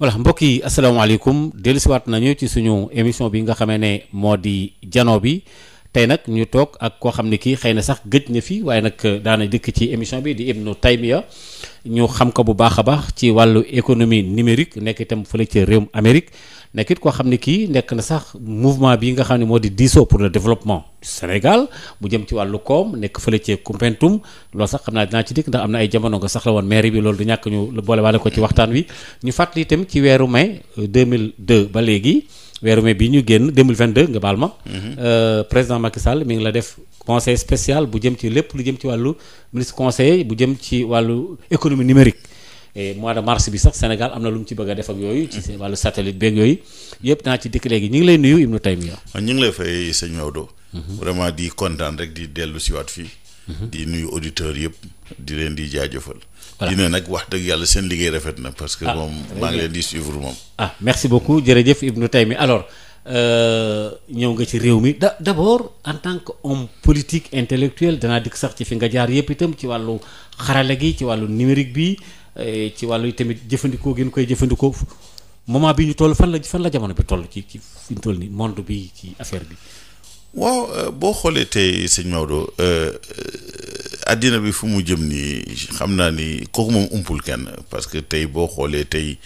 voilà mbokk yi asalaamaaleykum dellusiwaat nañu ci suñu émission bi nga xamee ne moo di jano bi tey nag ñu toog ak koo xam ne kii xëy na sax gëj na fi waaye nag daana dikk ci émission bi di Ibnu Taymiya ñu xam ko bu baax a baax ci wàllu économie numérique nekk itam fële ci réewum Amérique nekk it koo xam ne kii nekk na sax mouvement bi nga xam ne moo di diisoo pour le développement du Sénégal bu jëm ci wàllu koom nekk fële ci Koumpentoum loolu sax xam naa dinaa ci dikk ndax am na ay jamono nga sax woon maire bi loolu du ñàkk ñu boole waale ko ci waxtaan wi ñu fàttali itam ci weeru mai 2002 euh, ba léegi weeru mai bi ñu génn 2022 nga baal ma mm-hmm. euh, président Macky Sall mi ngi la def conseil spécial bu jëm ci lépp lu jëm ci wàllu ministre conseil bu jëm ci wàllu économie numérique et mois de mars bi sax Sénégal am na lu mu ci bëgg a def ak yooyu. ci wàllu satellite beeg yooyu yëpp naa ci dikk léegi ñi ngi lay nuyu Ibnou Taymiya. Ah, ñu ngi lay fay sëñ Maodo. Mhm. vraiment di kontaan rek di dellu si waat fii. Mhm. di nuyu auditeurs yëpp di leen di jaajëfal. voilà dina nag wax dëgg yàlla seen liggéey rafet na. parce que ah, moom maa ngi leen di suivre moom. Ah, Euh, ñëw nga ci réew mi da d'abord en tant que homme politique intellectuel danaa dikk sax ci fi nga jaar yëpp itam ci wàllu xarala gi ci wàllu numérique bi eh, ci wàllu tamit jëfandikoo gi ñu koy jëfandikoo moment bi ñu toll fan la fan la jamono bi toll ci ci fi ñu toll nii monde bi ci affaire bi. waaw euh, boo xoolee tey sëñ Maodo euh, àddina bi fu mu jëm nii xam naa ni kooku moom umpul kenn parce que tey boo xoolee tey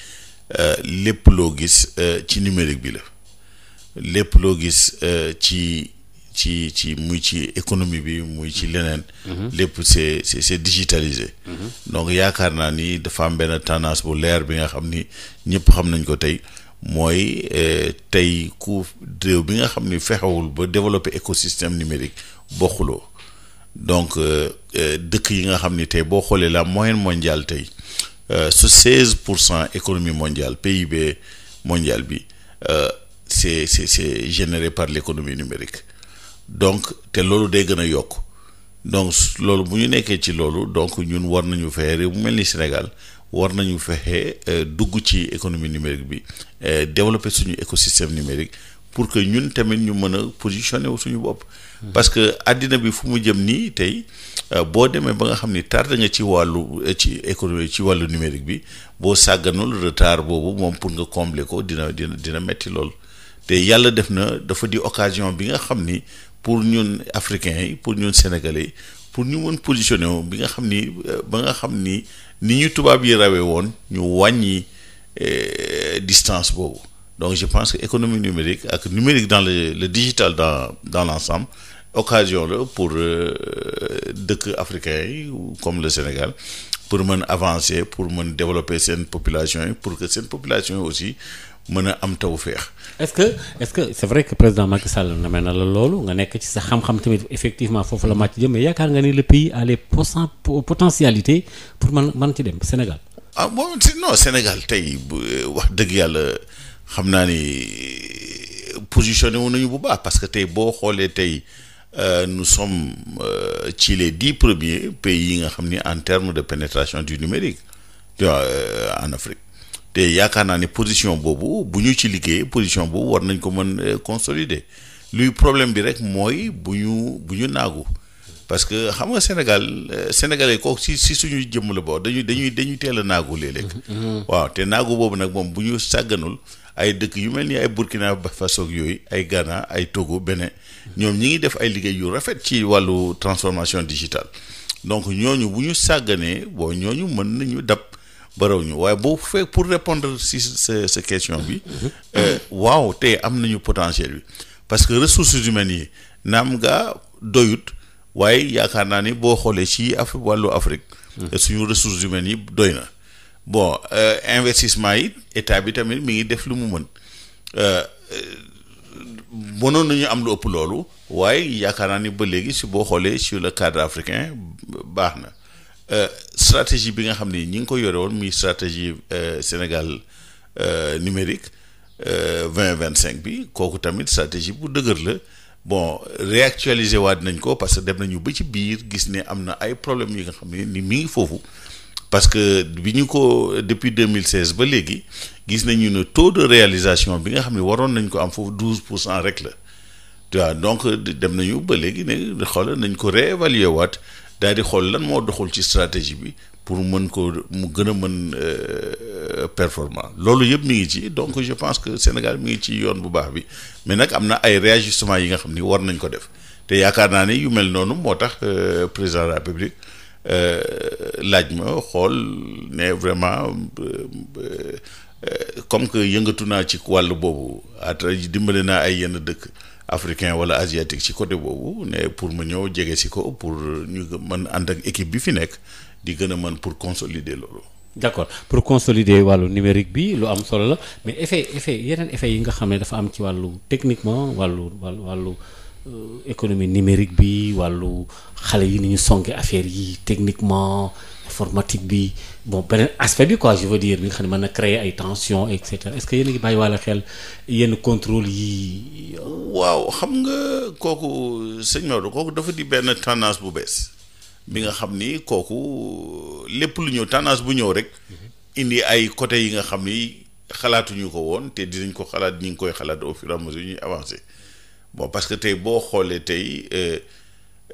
lépp loo gis ci numérique bi la. lépp loo gis euh, ci ci ci muy ci économie bi muy ci leneen. Mm-hmm. lépp c'est c'est c'est mm-hmm. donc yaakaar naa ni dafa am benn tendance bu leer bi nga xam ni ñëpp xam nañ ko tey mooy euh, tey ku réew bi nga xam ni fexewul ba développer écosystème numérique bokkuloo donc euh, dëkk yi nga xam ni tey boo xoolee la moyenne mondial tey su 16 pour cent économie mondiale PIB mondial bi. c'est c'est c'est généré par l'économie numérique donc te loolu day gën a yokk donc loolu bu ñu nekkee ci loolu donc ñun war nañu fexe réew mu mel ni Sénégal war nañu fexe euh, dugg ci économie numérique bi euh, développer suñu écosystème numérique pour que ñun tamit ñu mën a positionné wu suñu bopp. Hmm. parce que àddina bi fu mu jëm nii tey euh, boo demee ba nga xam ni tardé nga ci wàllu ci économie ci wàllu numérique bi boo sàgganul retard boobu moom pour nga combler ko dina dina dina metti lool. te yàlla def na dafa di occasion bi nga xam ni pour ñun africain yi pour ñun sénégalais yi pour ñu mën positionné wu bi nga xam ni ba nga xam ni ni ñu tubaab yi rawee woon ñu wàññi eh, distance boobu donc je pense que économie numérique ak numérique dans le le digital dans dans l'ensemble occasion la pour euh, dëkk africains yi comme le Sénégal pour mën avancer pour mën développer seen population yi pour que seen population yi aussi mën a am feex est-ce que est-ce que c'est vrai que président Macky Sall namee na la loolu nga nekk ci sa xam-xam tamit effectivement foofu la màcc jëm mais yaakaar nga ni le pays a les poten pour man man ci dem Sénégal. ah bon tey euh, wax dëgg yàlla xam naa ni positionné wu nañu bu baax parce que tey boo xoolee tey euh, nous sommes euh, ci les dix premiers pays yi nga xam ni en termes de pénétration du numérique tu vois en Afrique. te yaakaar naa ni position boobu bu ñu ci liggéey position boobu war nañ ko mën euh, consolider luy problème bi rek mooy bu ñu bu ñu naagu parce que xam nga Sénégal euh, sénégalais kooku si su suñu jëmm la boo dañuy dañuy dañuy teel a naagu léeg-léeg mm-hmm, mm-hmm. waaw te naagu boobu nag moom bu ñu sàgganul ay dëkk yu mel ni ay Burkina Faso yooyu ay Ghana ay Togo Bénin ñoom ñi ngi def ay liggéey yu rafet ci wàllu transformation digitale donc ñooñu bu ñu sàgganee bon ñooñu mën nañu dab barawuñu waaye boo fekk pour répondre si sa sa question bi euh, waaw tey am nañu potentiel bi parce que ressources humaines yi naam nga doyut waaye yaakaar naa ni boo xoolee ci af wàllu Afrique hmm. suñu ressources humaines yi doy na bon euh, investissement yi état bi tamit mu ngi def lu mu mën euh, mënoon nañu am lu ëpp loolu waaye yaakaar naa ni ba léegi si boo xoolee sur le cadre africain baax na Euh, stratégie bi nga xam ne ñi ngi ko yore woon muy stratégie euh, Sénégal euh, numérique vingt vingt cinq bi kooku tamit stratégie bu dëgër la bon réactualiser waat nañ ko parce que dem nañu ba ci biir gis ne am na ay problèmes yi nga xam ne ni mi ngi foofu parce que bi ñu ko depuis 2016 ba léegi gis nañu ne taux de réalisation bi nga xam ne waroon nañ ko am foofu 12 pour cent rek la tu donc dem nañu ba léegi ne xoolal nañ ko réévaluer waat daal di xool lan moo doxul ci stratégie bi pour mën ko mu gën a mën euh, performant loolu yëpp mi ngi ci donc je pense que Sénégal mi ngi ci yoon bu baax bi mais nag am na ay réajustement yi nga xam ni war nañ ko def te yaakaar naa ni yu mel noonu moo tax euh, président de la République euh, laaj ma xool ne vraiment comme que yëngatu naa ci wàll boobu à dimbali naa ay yenn dëkk africain wala asiatique ci côté boobu ne pour ma ñëw jege si ko pour ñu mën ànd ak équipe bi fi nekk di gën a mën pour consolider loolu. d'accord pour consolider wàllu numérique bi lu am solo la mais effet effet yeneen effet yi nga xam ne dafa am ci wàllu techniquement wàllu wàllu wàllu euh, économie numérique bi wàllu xale yi ni ñu songe affaire yi techniquement. informatique bi bon beneen aspect bi quoi je veux dire bi nga xam ne mën na créer ay tension et cetera est-ce que yéen a ngi bàyyi wàlla xel yenn contrôle yi waaw xam nga kooku sëñ Maodo kooku dafa di benn tendance bu bees bi nga xam ni kooku lépp lu ñëw tendance bu ñëw rek indi ay côté yi nga xam ni xalaatuñu ko woon te dinañ ko xalaat ñu ngi koy xalaat au fur et ñuy avancer bon parce que tey boo xoolee tey euh,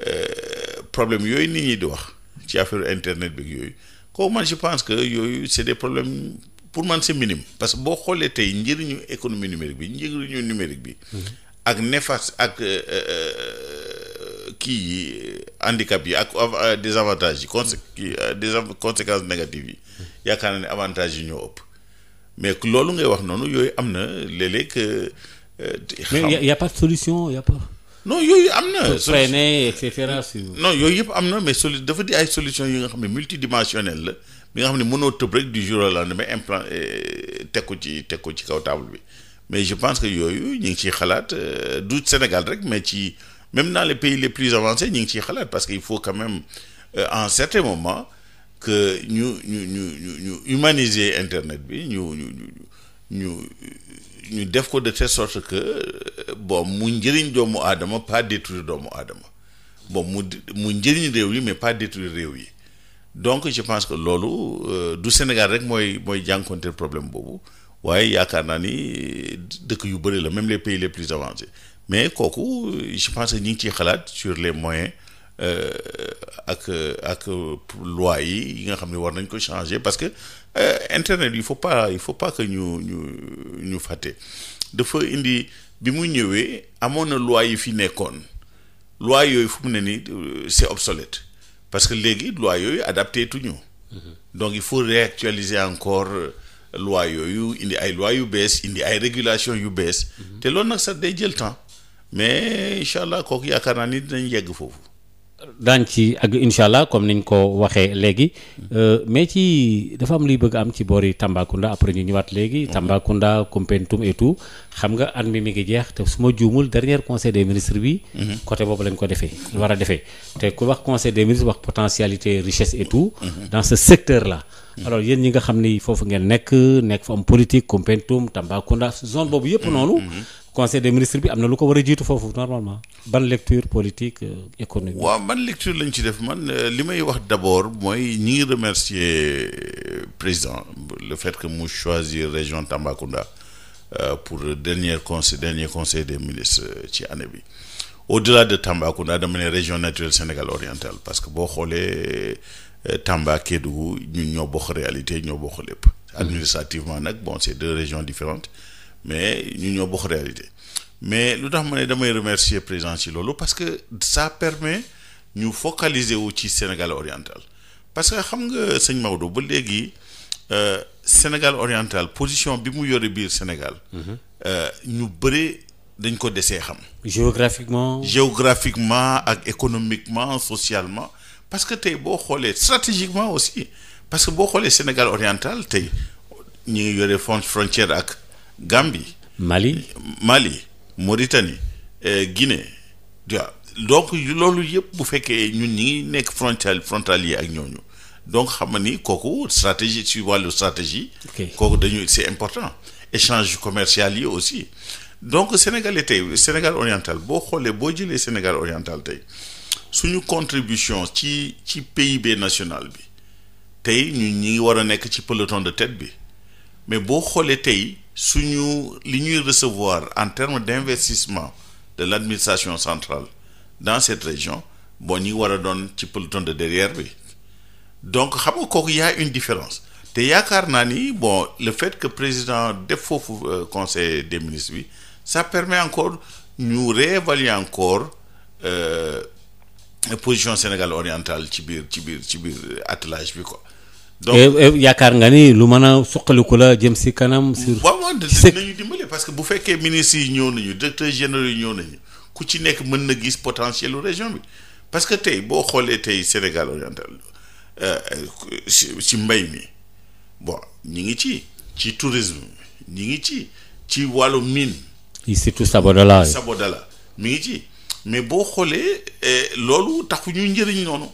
euh, problème yooyu nit ñi di wax ci affaire internet bi yooyu kooku man je pense que yooyu c'est des problèmes pour man c'est minime parce que boo xoolee tey njëriñu économie numérique bi njëriñu numérique bi. Mhm. ak néfaste ak euh, euh, kii yi handicap yi ak euh, désavantages yi conse kii conséquences négatives yi yaakaar naa ne avantages yi ñoo ëpp mais loolu ngay wax noonu yooyu am na léeg-léeg. mais y pas de solution y pas. non yooyu am na. freiner et cetera non yooyu yëpp am na mais solu dafa di ay solution yi nga xam ne multidimensionnelle la bi nga xam ne mënoo tëb rek du jour au lendemain implant euh, teg ko ci teg ko ci kaw table bi mais je pense que yooyu ñu ngi ciy xalaat euh, du Sénégal rek mais ci même dans les pays les plus avancés ñu ngi ciy xalaat parce que il faut quand même en euh, certain moment que ñu ñu ñu ñu ñu humaniser internet bi ñu ñu ñu ñu ñu def ko de telle sorte que bon mu njëriñ doomu aadama pas détruire doomu aadama bon mu mu njëriñ réew yi mais pas détruire réew yi donc je pense que loolu euh, du Sénégal rek mooy mooy jànkonteel problème boobu waaye yaakaar naa ni dëkk yu bëri la même les pays les plus avancés mais kooku je pense que ñu ngi ciy xalaat sur les moyens euh, ak ak loi yi yi nga xam ne war nañ ko changer parce que Euh, internet il faut pas il faut pas que ñu ñu ñu fàtte dafa indi bi mu ñëwee amoon na loi yi fi nekkoon loi yooyu fu mu ne nii euh, c'est obsolète parce que léegi loi yooyu adapté ñu mm-hmm. donc il faut réactualiser encore euh, loi yooyu indi ay loi yu bees indi ay régulation yu bees mm-hmm. te loolu nag sax day jël temps mais incha allah kooku yaakaar naa ni dinañ yegg foofu daañ ci ak incha allah comme niñ ko waxee léegi euh, mais ci dafa am luy bëgg am ci boori Tambacounda après ñu ñëwaat léegi mhm. Tambacounda Koumpentoum et tout xam nga at mi mi ngi jeex te su ma juumul dernier conseil des ministres bi mhm. côté boobu lañ ko defee war a defee te ku wax conseil des ministres wax potentialité richesse et tout mhm. dans ce secteur là alors yéen ñi nga xam ni foofu ngeen nekk nekk fa am politique Koumpentoum Tambacounda zone boobu yëpp noonu conseil des ministres bi am na lu ko war a jiitu foofu normalement ban lecture politique euh, économique. waaw man lecture lañu ci def man euh, li may wax d'abord mooy ñi ngi remercier euh, président le fait que mu choisir région Tambacounda pour dernier conseil dernier conseil des ministres ci année bi au-delà de Tambacounda dama ne région naturelle Sénégal orientale parce que boo xoolee Tamba Kédougou ñun ñoo bokk réalité ñoo bokk lépp. Mm-hmm. administrativement nag bon c'est deux régions différentes mais ñu ñoo bokk réalité mais lu tax ma ne damay remercier président ci loolu parce que sa permet ñu focaliser wu ci Sénégal oriental parce que xam nga sëñ Maodo ba léegi euh, Sénégal oriental position bi mu yore biir Sénégal. Mhm. Euh, ñu bëri dañ ko desee xam. géographiquement. géographiquement ak économiquement socialement parce que tey boo xoolee stratégiquement aussi parce que boo xoolee Sénégal oriental tey ñu ngi yore frontière ak. Gambie. Mali Mali Mauritanie eh, Guinée waaw donc loolu yëpp bu fekkee ñun ñi ngi nekk frontal frontalier ak ñooñu donc xam nga ni kooku stratégie ci wàllu stratégie. kooku dañu c'est important échange commercial yi aussi donc Sénégal tey Sénégal oriental boo xoolee boo jëlee Sénégal oriental tey suñu contribution ci ci PIB national bi tey ñu ñi ngi war a nekk ci peloton de tête bi mais boo xoolee tey. suñu li ñuy recevoir en termes d'investissement de l'administration central dans cette région bon ñuy war a doon ci peloton de derrière bi donc xam nga kooku y une différence te yaakaar naa ni bon le fait que président def foofu euh, conseil des ministres bi ça permet encore ñu réévaluer encore euh, position Sénégal orientale ci biir ci biir ci biir attelage bi ko donc yaakaar nga ni lu mën a suqaliku la jëm si kanam. sur waaw waaw dinañu dimbali parce que bu fekkee ministres yi ñëw nañu directeurs généraux yi ñëw nañu ku ci nekk mën na gis potentiel région bi parce que tey boo xoolee tey Sénégal oriental euh, si mbay mi bon ñi ngi ci ci tourisme ñi ngi ci ci wàllu mine. surtout Sabodala Sabodala mi ngi ci mais boo xoolee euh, loolu taxu ñu njëriñ noonu.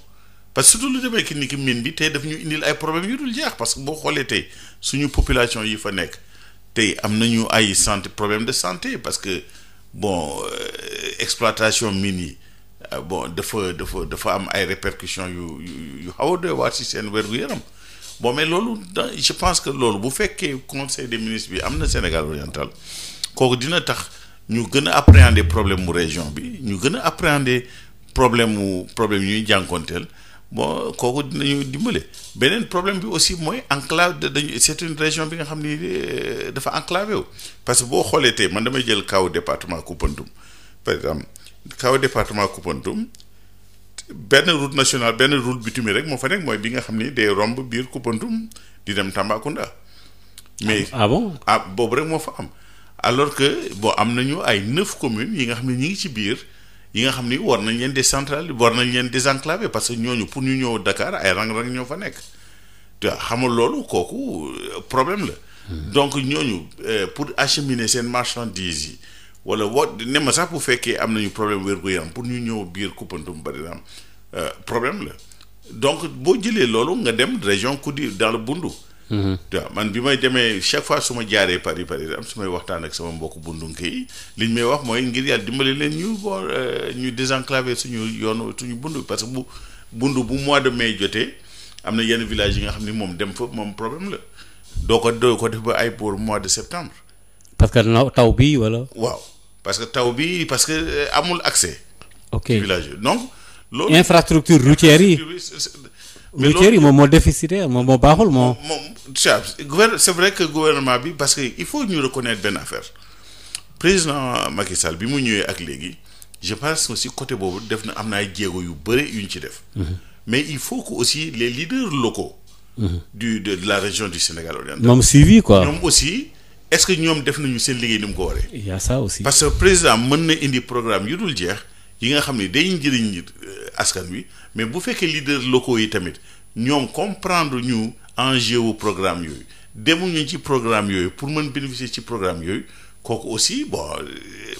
parce que surtout lu demee ki ni ki mine bi tey daf ñu indil ay problèmes yu dul jeex parce que boo xoolee tey suñu population yi fa nekk tey am nañu ay santé problème de santé parce que bon euh, exploitation mine yi euh, bon dafa dafa dafa am ay répercussions yu yu xaw a doy waar si seen wér-gu-yaram bon mais loolu je pense que loolu bu fekkee conseil des ministres bi am na Sénégal oriental kooku dina tax ñu gën a appréhender problème mu région bi ñu gën a appréhender problème mu problème yu ñuy bon kooku dinañu dimbale beneen problème bi aussi mooy enclave dañu c'est une région bi nga xam ni euh, dafa enclavé wu parce que boo xoolee tey man damay jël kaw département Koupantoum par exemple kaw département Koupantoum benn route nationale benn route bitumée rek moo fa nekk mooy bi nga xam ni day romb biir Koupantoum di dem Tambacounda. mais ah bon ah rek moo fa am alors que bon am nañu ay neuf communes yi nga xam ne ñi ngi ci biir. yi nga xam ni war nañ leen décentraliser war nañ leen désenclaver parce que ñooñu pour ñu ñëw Dakar ay rang-rang ñoo fa nekk te xamul loolu kooku euh, problème la. Hmm. donc ñooñu euh, pour acheminer seen marchandise yi wala wo ne ma sax bu fekkee am nañu problème wér-gu-yaram pour ñu ñëw biir Koumpentoum bari na am euh, problème la donc boo jëlee loolu nga dem région Koudir dans le Boundou. Mhm. waaw man bi may demee chaque fois su ma jaaree Paris Paris am su may waxtaan ak sama mbokk bundunke yi li ñu may wax mooy ngir yàlla dimbali leen ñu bon euh, ñu suñu yoon suñu bund parce que bu bund bu mois de mai jotee am na yenn village yi nga xam ni moom dem fa moom problème la doo ko doo ko def ba ay pour mois de septembre. parce que taw bi wala. waaw parce que taw bi parce que euh, amul accès. ok village donc. infrastructure routière yi. routière yi moom moo déficitaire moom moo baaxul moo. moom c'est vrai que gouvernement bi parce que il faut ñu reconnaître benn affaire président Macky Sall bi mu ñëwee ak léegi je pense aussi côté boobu def na am na ay jéego yu bëri yu ñu def. Mm-hmm. mais il faut aussi les leaders locaux. Mm-hmm. du de la région du Sénégal oriental. moom suivi quoi ñoom aussi. est-ce que ñoom def nañu seen liggéey ni mu ko waree. y a ça aussi parce que président mën na indi programme yu dul jeex. yi nga xam ne day njëriñ euh, askan wi mais bu fekkee leaders locaux yi tamit ñoom prendre ñu enjeu wu programme yooyu demuñu ci programme yooyu pour mën bénéficier ci programme yooyu kooku aussi bon euh,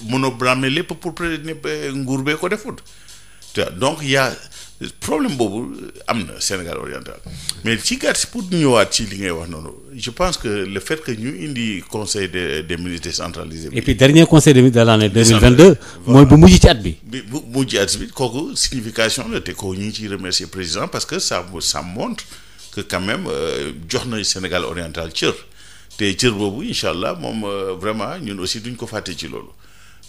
mënoo blâmer lépp pour peut nguur bee ko defut donc y problème boobu am na Sénégal oriental mais ci gàtt pour ñëwaat ci li ngay wax noonu je pense que le fait que ñu indi conseil des des ministres décentralisé. et puis dernier conseil des ministres de l'année 2022. mooy bu mujj ci at bi. bi bu mujj at bi kooku signification la te ko ñu ngi ciy remercier président parce que ça ça montre que quand euh, jox na Sénégal oriental cër te cër boobu incha allah moom euh, vraiment ñun aussi duñ ko fàtte ci loolu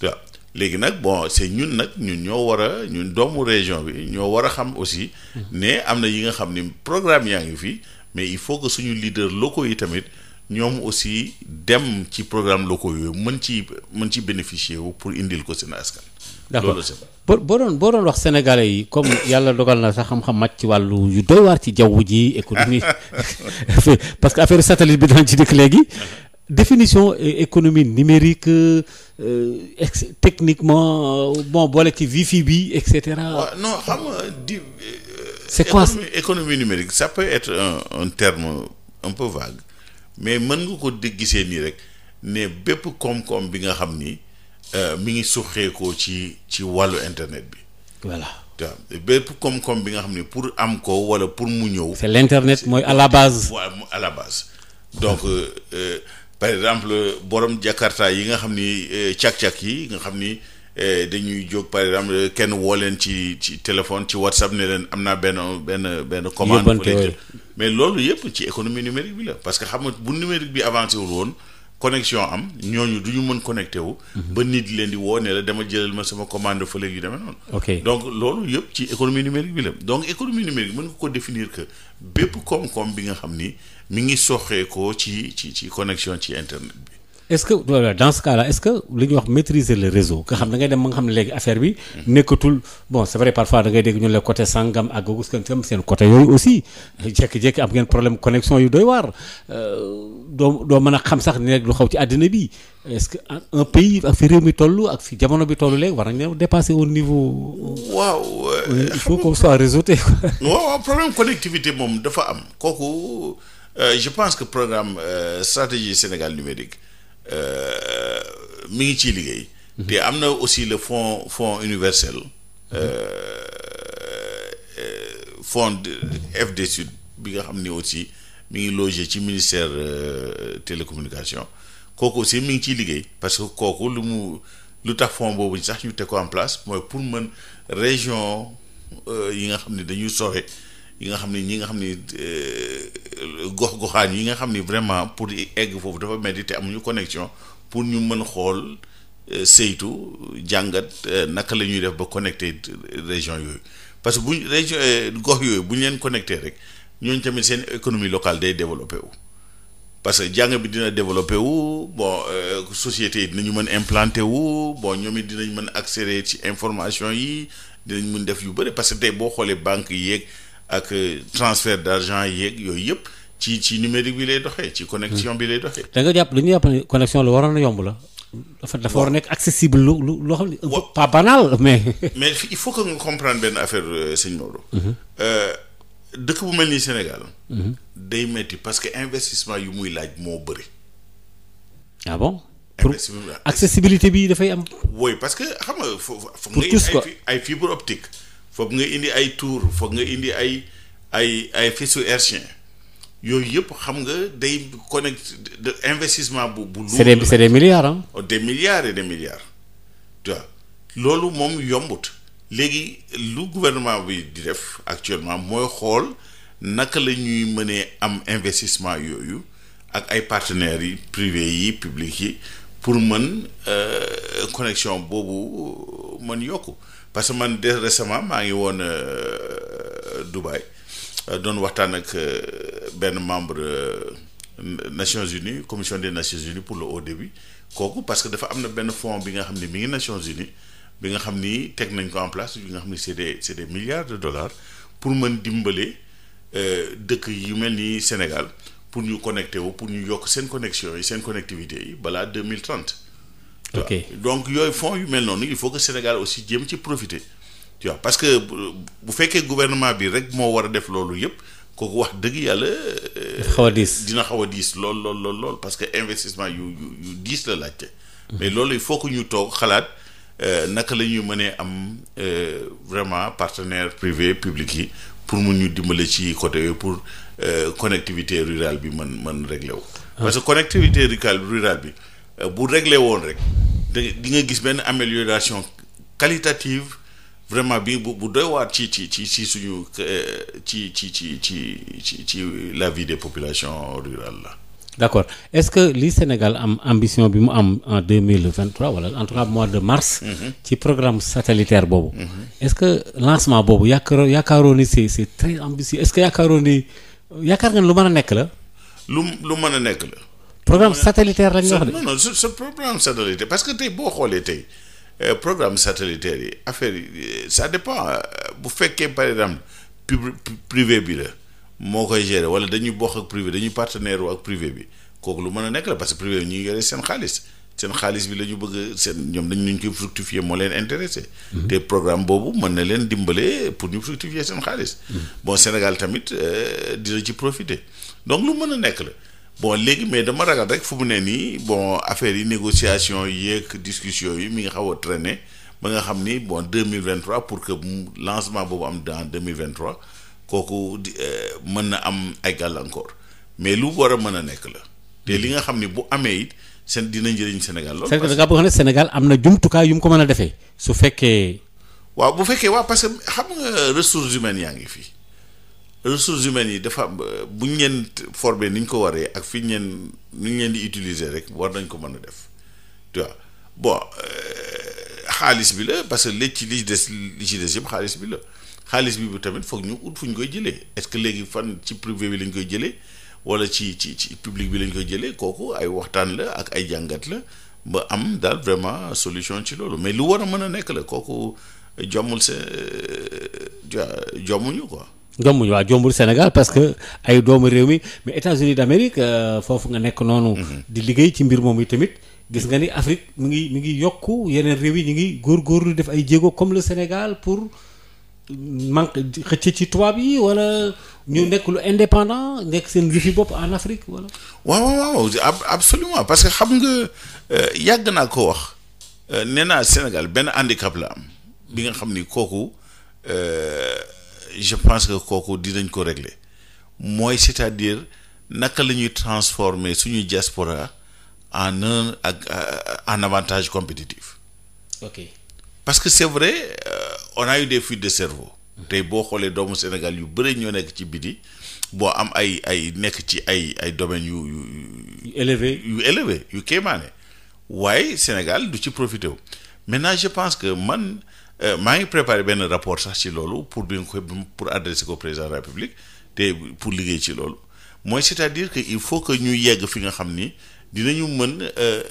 waaw. léegi nag bon c'est ñun nag ñun ñoo war a ñun doomu région bi ñoo war a xam aussi ne am na yi nga xam ni programme yaa ngi fi mais il faut que suñu leader locaux yi tamit ñoom aussi dem ci programme locaux yooyu mën ci mën ci bénéficier wu pour indil ko seen askan d'accord bo boo doon wax sénégalais yi comme yàlla dogal na sax xam-xam màcc ci wàllu yu doy waar ci jaww ji économie parce que affaire satellite bi daan ci dëkk léegi uh-huh. définition économie numérique euh, ex techniquement euh, bon boole ci wifi bi et cetera. Ouais, xam di. Euh, c'est économie, économie numérique ça peut être un, terme un peu vague mais mën nga ko dégg gisee nii rek ne bépp koom-koom bi nga xam ni euh, mi ngi suqeekoo ci ci wàllu internet bi. voilà waaw bépp koom-koom bi nga xam ni pour am ko wala pour mu ñëw. c'est l'internet mooy à la base. waaw à la donc. par exemple borom jakarta yi nga xam ni e, càq-càq yi nga xam ni e, dañuy jóg par exemple kenn woo leen ci ci téléphone ci whatsapp ne leen am naa benn benn benn commande mais loolu yëpp ci économie numérique bi la parce que xam nga bu numérique bi avancé wul woon connexion am ñooñu du ñu mën connecté wu. Mhm. ba nit leen di woo ne la dama jëlal ma sama commande fa léegi yu noonu. ok donc loolu yëpp ci économie numérique bi la donc économie numérique mën nga ko définir que bépp koom-koom bi nga xam ni mu ngi soxee ko ci ci ci connexion ci internet bi. est-ce que voilà dans ce cas-là est-ce que wax maîtriser le réseau nga xam da ngay dem ba nga xam ne léegi affaire bi nekkatul bon c'est vrai parfois da ngay dégg ñu le côté sangam ak gogus kan seen côté yooyu aussi jékki-jékki am ngeen problème connexion yu doy waar euh, doo doo mën a xam sax ne lu xaw ci àddina bi est-ce que un pays ak fi réew mi toll ak fi jamono bi toll léegi war nañ leen dépasser au niveau. waaw euh, il faut qu'on soit réseauté. waaw waaw problème connectivité moom dafa am kooku euh, je pense que programme stratégie Sénégal numérique. Euh, mi ngi ciy liggéey. Mhm. te am na aussi le fonds fonds universel. Euh, euh, fonds FD Sud bi nga xam ni aussi mi ngi logé ci ministère télécommunication kooku aussi mi ngi ciy liggéey parce que kooku lu mu lu tax fonds boobu sax ñu teg ko en place mooy pour mën région yi nga xam ni dañuy sore yi nga xam ni ñi nga xam ni euh, gox-goxaan yi nga xam ni vraiment pour egg foofu dafa metti te amuñu connexion pour ñu mën xool euh, saytu jàngat euh, naka la ñuy def ba connecté région yooyu parce que buñ région gox yooyu bu ñu leen connecté rek ñooñu tamit seen économie locale day développé wu parce que jàng bi dina développé wu bon sociétés yi ñu mën implanté wu bon ñoom it dinañ mën accéder ci information yi dinañ mën def yu bari parce que tey boo xoolee banques yeeg ak euh, transfert d'argent yeeg yooyu yëpp ci ci numérique bi lay doxee ci connexion bi lay doxee. te nga jàpp lu ñu jàpp ne connexion la waroon na yomb la. dafa dafa war a nekk accessible lu lu loo xam ne. pas banal mais. mais il faut que nga comprendre benn affaire euh, sëñ Maodo. Mhm. Euh, dëkk bu mel ni Sénégal. Mhm. day metti parce que investissement yu muy laaj moo bëri. ah bon. pour accessibilité bi dafay am. oui parce que xam nga foofu. pour ay fibre optique. foog nga indi ay tour foog nga indi ay ay ay faisceaux hertziens yooyu yëpp xam nga day connecte de investissement bu bu. c'est des c'est des milliards hein. Oh, des milliards loolu moom yombut léegi lu gouvernement bi di def actuellement mooy xool naka la ñuy mënee am investissement yooyu ak ay partenaires yi privés yi publics yi pour mën euh, connexion boobu mën yokku. parce que man de récemment maa ngi woon euh, Dubaï euh, doon waxtaan ak euh, benn membre Nations Unies commission de Nations Unies pour le haut débit kooku parce que dafa am na benn fonds bi nga xam ne mi ngi Nations Unies bi nga xam ni teg nañ ko en place bi nga xam ni c'est des c'est des milliards de dollars pour mën dimbale dëkk yu mel nii Sénégal pour ñu connecté wu pour ñu yokk seen connexion yi seen connectivité yi balaa mille trente donc yooyu fonds yu mel noonu il faut que Sénégal aussi jéem ci profiter tu vois parce que bu fekkee gouvernement bi rek moo war a def loolu yëpp kooku wax dëgg yàlla. xaw a euh, dina xaw a diis lool lool lool lool parce que investissement yu yu yu diis la laajte. Mhm. mais loolu il faut que ñu toog xalaat euh, naka la ñuy mënee am euh, vraiment partenaire privé public yi pour mun ñu dimbale ci côté yooyu pour connectivité rural bi mën mën régler wu. Ah. parce que connectivité rurale bi. bu réglé woon rek da di nga gis benn amélioration qualitative vraiment bi bu bu doy waar ci ci ci ci suñu euh, ci ci ci ci ci ci la vie des population rurales la. d'accord est-ce que li Sénégal am ambition bi mu am en deux mille vingt trois wala en tout cas mois de mars. Mhm. ci programme satellitaire boobu. Mm -hmm. est-ce que lancement boobu yaakaaroo yaakaaroon ni c'est c'est très ambitieux est-ce que yaakaaroon ni yaakaar nga lu mën a nekk la. lu lu mën a nekk la. programme satellitaire lañ wax de. non non ce programme satellitaire parce que tey boo xoolee tey euh, programme satellitaire yi affaire yi euh, ça dépend euh, bu fekkee par exemple pub privé bi la moo koy gérer wala dañuy bokk ak privé dañuy partenaire wu ak privé bi kooku lu mën a nekk la parce que privé bi ñu seen xaalis. seen xaalis bi la ñu bëgg seen ñoom dañ ñu koy fructifier moo leen intéressé. Mm-hmm. te programme boobu mën na leen dimbale pour ñu fructifier seen xaalis. Mm-hmm. bon Sénégal tamit dina ci profiter donc lu mën a nekk la. bon léegi mais dama ragal rek fu mu ne nii bon affaire yi négociation yeeg discussion yi mi ngi xaw a traîner ba nga xam ni bon deux mille vingt trois pour que lancement boobu am dans deux mille vingt trois kooku euh, mën na am ay gàllankoor mais lu war a mën a nekk la te li nga xam ni bu amee it seen dina njëriñ Sénégal loolu. parce que nga bëgg ne Sénégal am na jumtukaay yu mu ko mën a defee su fekkee. waaw bu fekkee waaw parce que xam nga ressources humaines yaa ngi fii. ressources humaines yi dafa euh, bu ñu leen formé ni ñu ko waree ak fi ñu leen ni ñu leen di utiliser rek war nañ ko mën a def tu vois bon euh, xaalis bi la parce que li ci li des li ci des yëpp xaalis bi la xaalis bi bu tamit foog ñu ut fu ñu koy jëlee est-ce que léegi fan ci privé bi lañ koy jëlee walla ci ci ci public bi lañ koy jëlee kooku ay waxtaan la ak ay jàngat la ba am daal vraiment solution ci loolu mais lu war a mën a nekk la kooku jommul sa euh, jommuñu quoi. ñu waa jombul Sénégal parce que ay doomu réew mi mais États-Unis d'Amérique euh, foofu nga nekk noonu. Mhm. di liggéey ci mbir moom yi tamit. gis nga ni Afrique mu ngi mi ngi yokk yeneen réew yi ñu ngi góor góorgóorlu def ay jéego comme le Sénégal pour manque xëcc ci tubaab yi wala ñu nekk lu indépendant nekk seen yëfi bopp en Afrique wala. waaw waaw ab absolument parce que xam nga euh, yàgg naa ko wax euh, nee naa Sénégal benn handicap la am bi nga xam ni kooku. je pense que kooku dinañ ko régler mooy c'est-à-dire naka la ñuy transformer suñu diaspora en un ak euh, en avantage compétitif. ok parce que c'est vrai euh, on a eu des fuites de servo tey boo xoolee doomu Sénégal yu bëri ñoo nekk ci biti boo am ay ay nekk ci ay ay domaines yu yu. yu élevé yu élevé yu kéemaane waaye Sénégal du ci profité wu maintenant je pense que man. Euh, maa ngi préparé benn rapport sax ci loolu pour bi nga ko pour adresser ko président de république te pour liggéey ci loolu mooy c'est-à-dire que il faut que ñu yegg fi nga xam ni dinañu mën euh,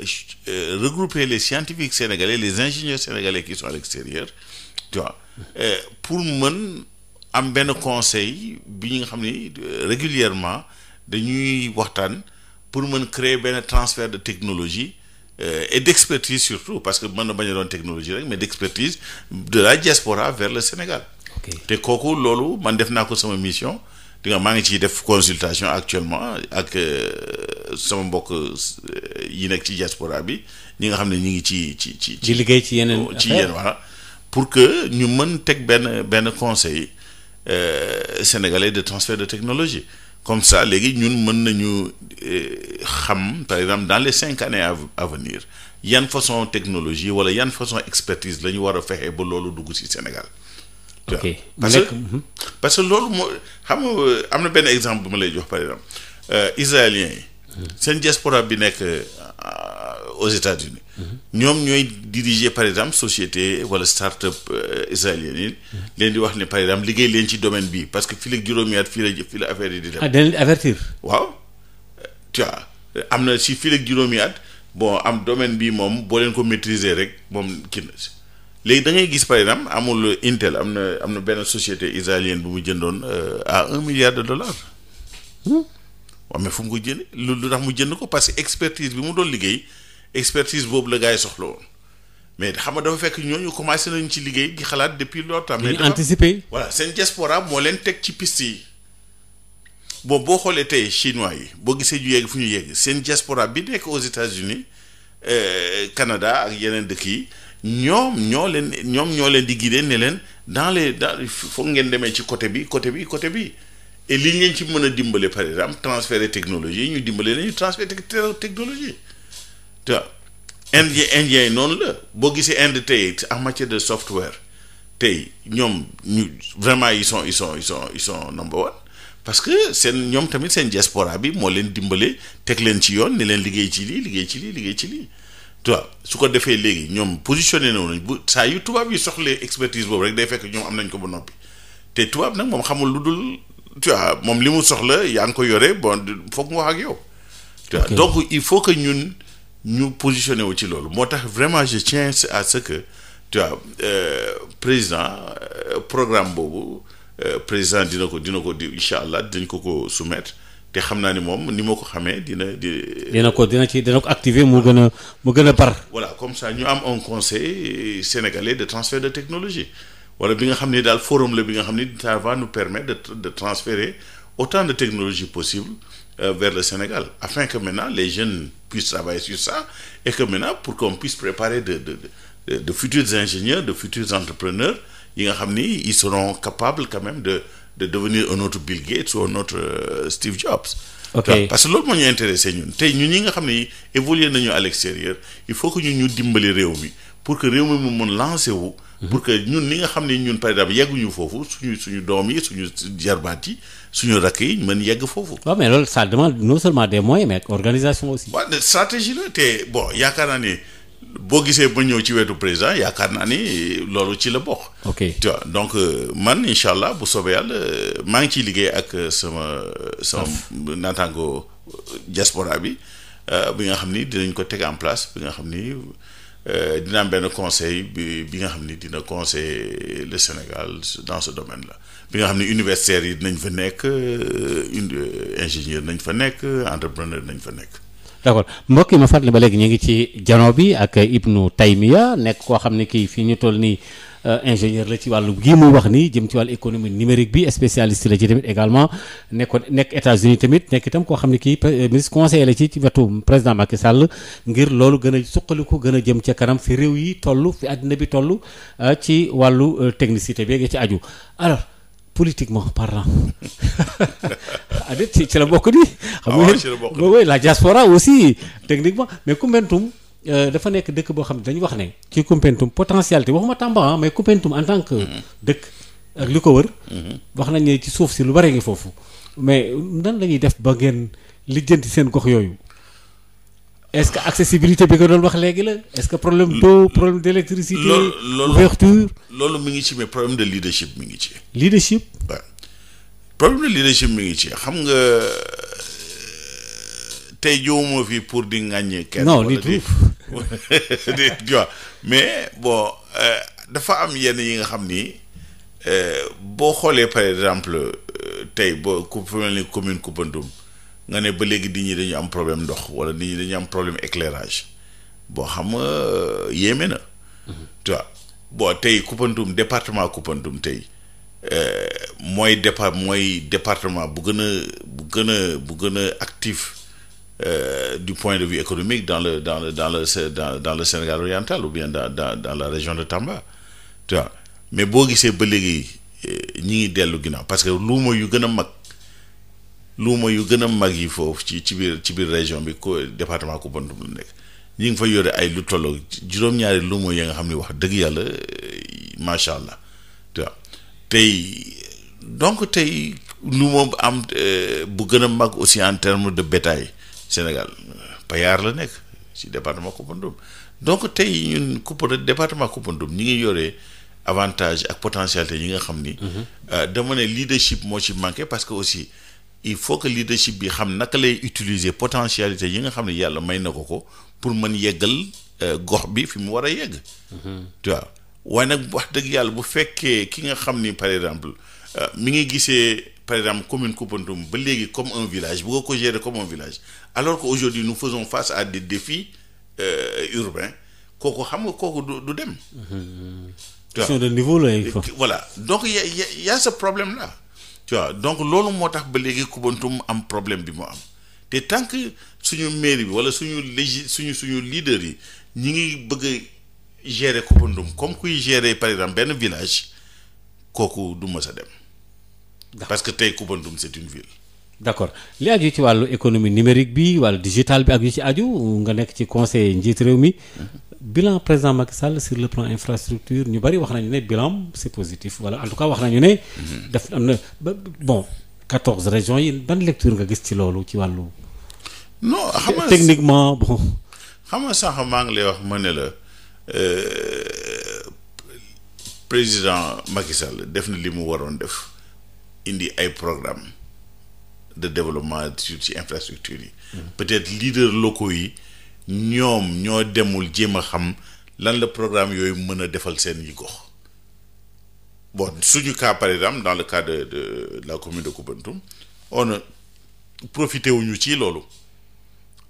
euh, regrouper les scientifiques sénégalais les ingénieurs sénégalais qui sont à l'extérieur tu vois pour mën am benn conseil bi nga xam ni régulièrement dañuy waxtaan pour mën créer benn transfert de technologie Euh, et d'expertise surtout parce que mën na bañ doon technologie rek mais d'expertise de la diaspora vers le Sénégal te kooku loolu man def naa ko sama mission di maa ngi ciy def consultation actuellement ak euh, sama mbokk euh, yi nekk ci diaspora bi ñi nga xam ne ñu ngi ci ci ci ci liggéey ci yeneen ci yenn voilà pour que ñu mën teg benn benn conseil sénégalais de transfert de technologie comme ça léegi ñun mën nañu eh, xam par exemple dans les cinq années à venir yan façon technologie wala yan façon expertise la ñu war a fexe ba loolu dugg ci Sénégal. ok parce que mhm. parce que loolu moo xam nga euh, am na benn exemple bu ma lay jox par exemple euh, israélien yi. Hmm. seen diaspora bi nekk euh, aux États-Unis ñoom ñooy diriger par exemple société wala start-up euh, israélienne yi leen di wax ne par exemple liggéey leen ci domaine bii parce que fii la juróomi at fii la fii la affaire yi di ah, am na si fii la juróomi at bon am domaine bi moom boo leen ko maîtriser rek moom kii léegi da gis par exemple amul Intel am na am na benn société israélienne bu mu jëndoon euh, à un milliard de dollars hmm? waaw mais fu mu ko jënd lu tax mu jënd ko parce que expertise bi mu doon liggéey expertise boobu la gars yi soxla woon mais xam nga dafa fekk ñooñu commencé nañ ci liggéey di xalaat depuis longtemps. mais dafa anticiper. voilà seen diaspora moo leen teg ci piste yi boobu boo xoolee tey chinois yi boo gisee ñu yéeg fu ñu yegg seen diaspora bi nekk aux États-Unis kanada euh, ak yeneen dëkk yi ñoom ñoo leen ñoom ñoo leen di guider ne leen dans les dans foog ngeen demee ci côté bi côté bi côté bi et li ngeen ci mën a dimbale par exemple transfert technologie ñu dimbale leen ñu transfert technologie. te indien indien yi noonu la boo gisee Inde tey en matière de software tey ñoom ñu vraiment ils sont ils sont ils sont ils number one parce que seen ñoom tamit seen diaspora bi moo leen dimbale teg leen ci yoon ne leen liggéey ci lii liggéey ci lii liggéey ci lii tu su ko defee léegi ñoom positionné nañ bu saa yu tubaab yi soxlee expertise boobu rek day fekk ñoom am nañ ko ba noppi te tubaab nag moom xamul lu dul tu moom li mu soxla yaa ngi ko yore bon foog mu wax ak yow. ñu positionné wu ci loolu moo tax vraiment je tiens à ce que tu vois euh, président euh, programme boobu euh, président dina ko dina ko di incha allah dinañ ko ko soumettre te xam naa ni moom ni ma ko xamee dina di. dina ko dina ci dina ko activer mu gën a mu gën a par. voilà comme ça ñu am un conseil sénégalais de transfert de technologie wala bi nga xam ni daal forum la bi nga xam ne ça va nous permettre de de transférer autant de technologies possibles euh, vers le Sénégal afin que maintenant les jeunes. puisse travailler sur ça et que maintenant pour qu'on puisse préparer de de de, de futurs ingénieurs de futurs entrepreneurs yi nga xam ni ils seront capables quand même de de devenir un autre Bill Gates ou un autre euh, Steve Jobs ok parce que loolu moo ñu intéressé ñun tey ñun ñi nga xam ne évolué nañu à l'extérieur il faut que ñun ñu dimbali réew mi pour que réew mi mu mun lancer wu. Mhm. pour que ñun li nga xam ne ñun par exemple yegguñu foofu suñu suñu doom yi suñu jarbaat yi suñu rakk yi mën yegg foofu. waaw mais loolu ça demande non seulement des moyens mais organisation aussi. waaw stratégie la te bon yaakaar naa ne. boo gisee ba ñëw ci wetu président yaakaar naa ni loolu ci la bokk. ok tu donc euh, man incha allah bu soobee yàlla euh, maa ngi ciy liggéey ak euh, sama. sama naataango diaspora bi bi nga xam ni dinañ ko teg en place bi nga xam ni. dina am benn conseil bi bi nga xam ni dina conseiller le Sénégal dans ce domaine là bi nga xam ni universitaires yi dinañ fa nekk ingénieur nañ fa nekk entrepreneur nañ fa nekk d'accord mbokk yi ma fàttali ba léegi ñu ngi ci jano bi ak Ibnu Taymiya nekk koo xam ne kii fii ñu toll nii euh, ingénieur la ci wàllu gii muy wax nii jëm ci wàllu économie numérique bi spécialiste la ci tamit également nekkoon nekk États-Unis tamit nekk itam koo xam ne kii euh, ministre conseiller la ci ci wetu président Macky Sall ngir loolu gën a suqaliku gën a jëm ca kanam fi réew yi toll fi àddina bi toll euh, ci wàllu technicité bi nga ci aju politiquement parlant adet ah, ci la bokk di xam nga ah, oui la diaspora aussi techniquement mais Koumpentoum euh, dafa nekk dëkk boo xam ne dañu wax ne ci Koumpentoum potentialité waxuma Tamba ah, mais Koumpentoum en tant que mm-hmm. dëkk ak li ko wër mm-hmm. wax nañu ne ci suuf si lu bare ngi foofu mais nan la ñuy def ba ngeen lijjanti seen gox yooyu est-ce que accessibilité bi nga doon wax léegi la est-ce que problème d'eau problème d'électricité loolu ouverture loolu mi ngi ci mais problème de leadership mi ngi ci leadership waaw problème de leadership mi ngi ci xam nga tey jiwuma fii pour di ŋàññi kenn non du di waaw mais bon euh, dafa am yenn yi nga xam ni euh, boo xoolee par exemple euh, tey boo ku mel ni commune nga ne ba léegi di ñi dañu am problème ndox wala nit ñi dañu am problème éclairage boo xam euh, yéeme na. Mm-hmm. tu vois bon tey Koupantoum département Koupantoum tey euh, mooy départ mooy département bu gën a bu gën a bu gën a actif euh, du point de vue économique dans le dans le dans le dans Sénégal oriental ou bien dans dans dans la région de Tamba tu mais boo gisee ba léegi ñi ngi dellu ginnaaw parce que luuma yu gën a mag. luuma yu gën a mag yi foofu ci ci biir ci biir région bi ko département Koumpentoum la nekk ñi ngi fa yore ay lu tolloo juróom-ñaari luuma ya nga xam ni wax dëgg yàlla macha allah tu tey donc tey luuma bu am euh, bu gën a mag aussi en terme de bétail Sénégal Payar la nekk si département Koumpentoum donc tey ñun Koumpentoum département Koumpentoum ñi ngi yore. avantage ak potentialité yi nga xam ni. Mm-hmm. Euh, dama ne leadership moo ci manqué parce que aussi il faut que leadership bi xam naka lay utiliser potentialité yi nga xam ne yàlla may na ko ko pour mën yeggal euh, gox bi fi mu war a yegg. tu mm-hmm. waaye nag wax dëgg yàlla bu fekkee ki nga xam ni par exemple euh, mu ngi gisee par exemple commune Koupantoum ba léegi comme un village bu ko gérer comme un village alors que aujourd'hui nous faisons face à des défis euh, urbains kooku xam nga kooku du du dem. Mm-hmm. question donc y a y a, y a ce problème là. tu donc loolu moo tax ba léegi Koumpentoum am problème bi mu am te tant que suñu mairie bi wala suñu légi suñu suñu leader yi ñu ngi bëgg a gérer comme kuy gere par exemple benn village kooku du mës a dem. parce que tey Koumpentoum c'est une ville. d'accord li aju ci wàllu économie numérique bi wàllu digital bi ak yu ci aju nga nekk ci conseil njiit réew mi. Mhm. bilan président Macky Sall sur le plan infrastructure ñu bari wax nañu ne bilan c'est positif voilà en tout cas wax nañu ne. def am na ba bon quatorze région yi ban lecture nga gis ci loolu ci wàllu. non xam techniquement bon. xam nga sax maa ngi lay wax ma ne la euh, président Macky def na li mu waroon def indi ay programme de développement sur ci infrastructure yi. Mm. peut leader locaux yi. ñoom ñoo demul jéem a xam lan la programme yooyu mën a defal seen yi gox bon suñu cas par exemple dans le cas de de la commune de Koubantoum on a profité wuñu ci loolu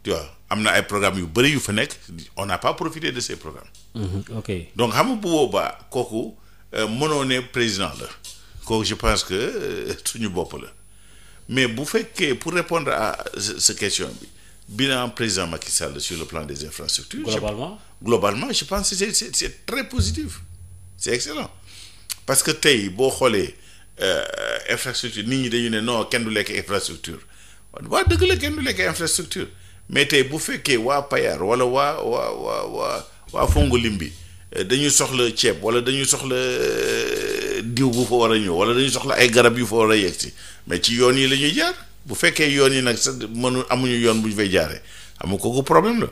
tu vois am na ay programmes yu bëri yu fa nekk on n'a pas profité de ces programmes. Mmh, ok donc xam bu boobaa kooku euh, mënoo ne président la kooku je pense que euh, suñu bopp la mais bu fekkee pour répondre à ce question bi. bilan président Macky Sall sur le plan des infrastructures. globalement je, je pense que c'est c'est très positif c'est excellent parce que tey boo xoolee euh, infrastructure nit ñi dañu ne non kenn du lekk infrastructure waa dëgg la kenn du lekk infrastructure mais tey bu fekkee waa Payar wala waa waa waa waa waa Fongolimbi euh, dañuy soxla ceeb wala dañuy soxla euh, diw bu fa war a ñëw wala dañuy soxla ay garab yu fa war a yegsi mais ci yoon yi la ñuy jaar. bu fekkee yoon yi nag sa mënul amuñu yoon bu ñu fay jaaree amu kooku problème la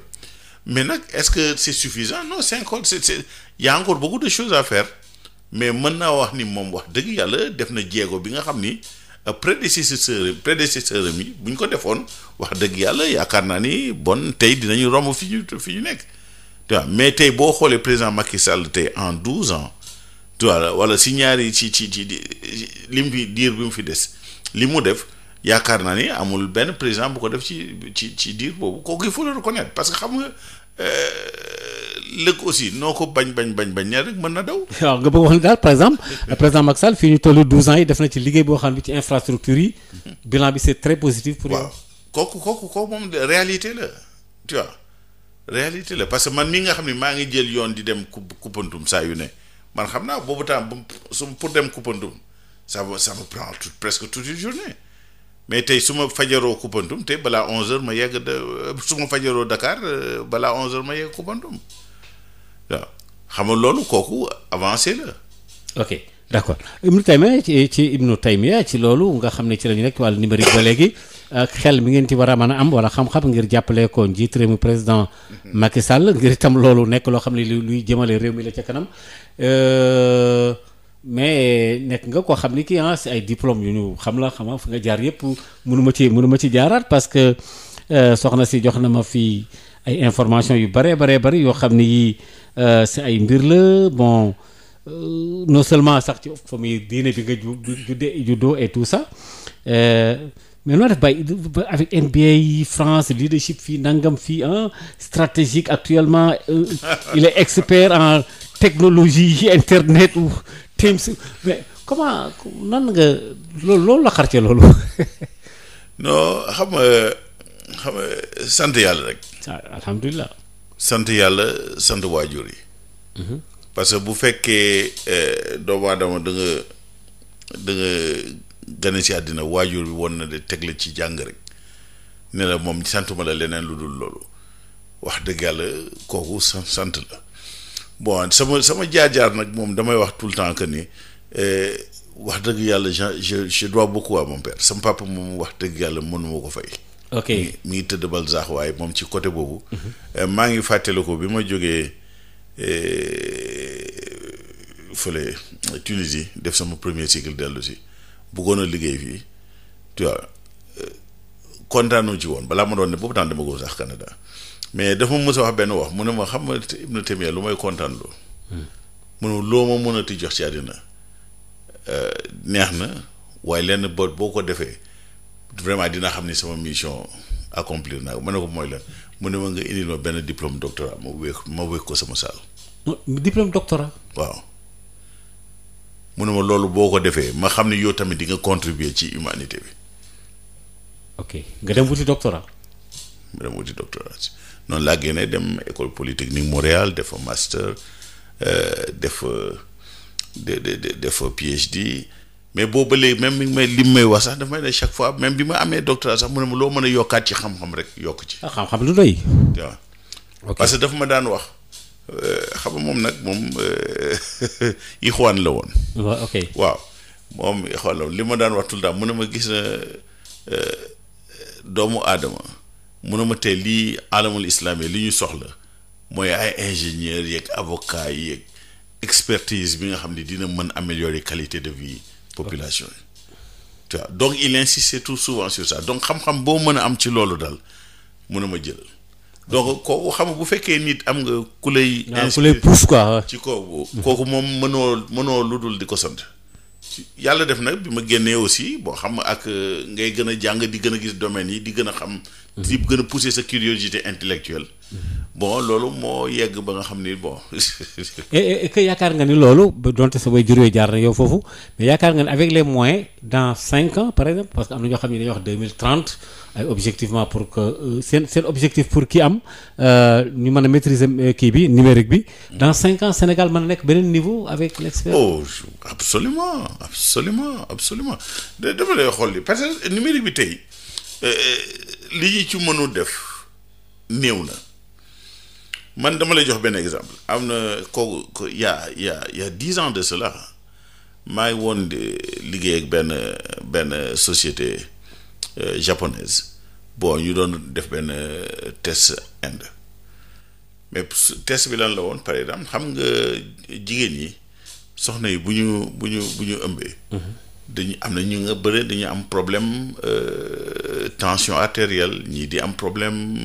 mais nag est-ce que c'est suffisant non c'est encore c'est c'est y a encore beaucoup de choses à faire mais mën naa wax ni moom wax dëgg yàlla def na jéego bi nga xam ni euh, prédécesseur prédécesseur am yi bu ñu ko defoon wax dëgg yàlla yaakaar naa ni bon tey dinañu romb fi ñu fi ñu nekk tu vois mais tey boo xoolee président Macky Sall tey en douze ans tu vois wala si ñaari ci ci ci lim bi diir bi mu fi des li mu def. yaakaar naa ni amul benn président bu ko def ci ci ci diir boobu kooku il faut le reconnaître parce que xam nga euh, lëkk aussi noo ko bañ bañ bañ bañ ñaar rek mën na daw. nga bëgg wax ni daal par exemple président Macky Sall fii ñu tollu 12 na ci liggéey boo xam ne ci infrastructure yi bi c'est très positif. pour yow waaw kooku moom réalité la tu vois réalité parce que man mi nga xam ne maa ngi jël yoon di dem ku kuppantum saa yu ne man xam naa boobu temps su pour dem kuppantum ça ça me prend presque tout une journée. mais tey su ma fajaroo Koupantoum tey balaa 11h ma yegg de su ma fajaroo Dakar euh, balaa 11h ma yegg Koupantoum waaw xam nga loolu kooku avancé la. ok d' accord Ibnu Taymiya ci ci Ibnu Taymiya ci loolu nga xam ne ci la rek nekk ci wàllu numérique ba léegi ak xel mi ngeen ci war a mën a am wala xam-xam ngir jàppale ko njiit président Macky Sall ngir itam loolu nekk loo xam ne luy jëmale réew mi la ca kanam. Euh, mais euh, nekk nga ko xam ni kii ah si ay diplôme yu ñu xam la xama fi nga jaar yëpp mënuma ci mënuma ci jaaraat parce que euh, soxna si jox na ma fii ay information yu bare bare bari yoo xam ni yii euh, si ay mbir la bon no seulement sax ci famille diine bi nga ju ju judde juddoo et tout ça mais noo def bàyyi avec NBA yi France leadership fii nangam fii ah stratégique actuellement il est expert en technologie internet teams mais comment nan nga loolu loolu la xar ci loolu. non xam nga xam nga sant yàlla rek. Ah, alhamdulilah. sant yàlla sant waajur yi. Mhm. parce que bu fekkee eh, doomu aadama da nga da nga gane si àddina waajur bi woon na de teg la ci jàng rek ne moom santuma la leneen lu dul loolu wax dëgg yàlla kooku sant la. bon sama sama jaar-jaar nag moom damay wax tout le temps que ni eh, wax dëgg yàlla je je dois beaucoup à mon père sama papa moom wax dëgg yàlla mënuma ko fay. ok mi ngi tëdd Balzac waaye moom ci côté boobu. Mhm. Eh, maa ngi fàttaliku bi ma jógee eh, fële Tunisie def sama premier cycle dellu si bëggoon a liggéey fii tu vois kontaanoo ci woon balaa ma doon ne boobu temps dama ko sax Canada. mais dafa mës a wax benn wax mu ne ma xam nga Ibnu Taymiya lu may kontaan loo mu ne loo ma mënati jox ci àddina euh, neex na waaye lenn boot boo ko defee vraiment dina xam ni sama mission accomplir naa ma ne ko mooy lan mu ne ma nga indil ma benn diplôme doctorat ma wékk ma wékk ko sama saal. diplôme doctorat. waaw mu ne ma loolu boo ko defee ma xam ne yow tamit di nga contribuer ci humanité bi. ok nga dem wuti doctorat. nga dem wuti doctorat. noonu laa génnee dem école polytechnique Montréal def fa master euh, def fa def fa PhD mais boo bëlee léegi même mi may lim may wax sax dafa may ne chaque fois même bi ma amee doctorat sax mu ne ma loo mën a yokkaat ci xam-xam rek yokk ci. Ah, xam-xam lu doy. waaw parce que dafa ma daan wax. Euh, xam nga moom nag moom euh, la woon. waaw ok waaw moom ixwaan la woon li ma daan wax tout le temps mu ne ma gis na doomu aadama. ma tey lii alamul islaam yi li ñu soxla mooy ay ingénieur yeeg avocat yeeg expertise bi nga xam ne dina mën améliorer qualité de vie population yi tu vois donc il insiste tout souvent sur ça donc xam-xam boo mën a am ci loolu daal mënuma jël donc kooku xam bu fekkee nit am nga ku lay ah, pousse quoi ci kooku kooku moom mënoo mënoo lu dul di ko sant yàlla def nag bi ma génnee aussi boo xam ak euh, ngay gën a jàng di gën a gis domaines yi di gën a xam di gën a pousser sa curiosité intellectuelle bon loolu moo yegg ba nga xam ni bon. et que yaakaar nga ni loolu ba donte sa way juree jaar na yow foofu mais yaakaar nga ni avec les moyens dans cinq ans par exemple parce que am xam ne dañuy wax deux mille trente ay objectivement pour que euh, seen seen objectif pour kii am euh, ñu man a maîtriser euh, kii bi numérique bi. dans cinq ans Sénégal mën a nekk beneen niveau avec l'expert. oh absolument absolument absolument dafa lay xool li parce que numérique bi tey. Euh, li ñu ci mënul def néew na man dama lay jox benn exemple am na kooku yaa yaa yaa dix ans de cela maa ngi woon liggéey ak benn benn société euh, japonaise bon ñu doon def benn euh, test Inde mais test bi lan la woon par exemple xam nga jigéen ñi soxna yi bu ñu bu ñu bu ñu ëmbee mm-hmm. dañu am na ñu nga bëre dañu am problème euh, tension artérielle ñii di am problème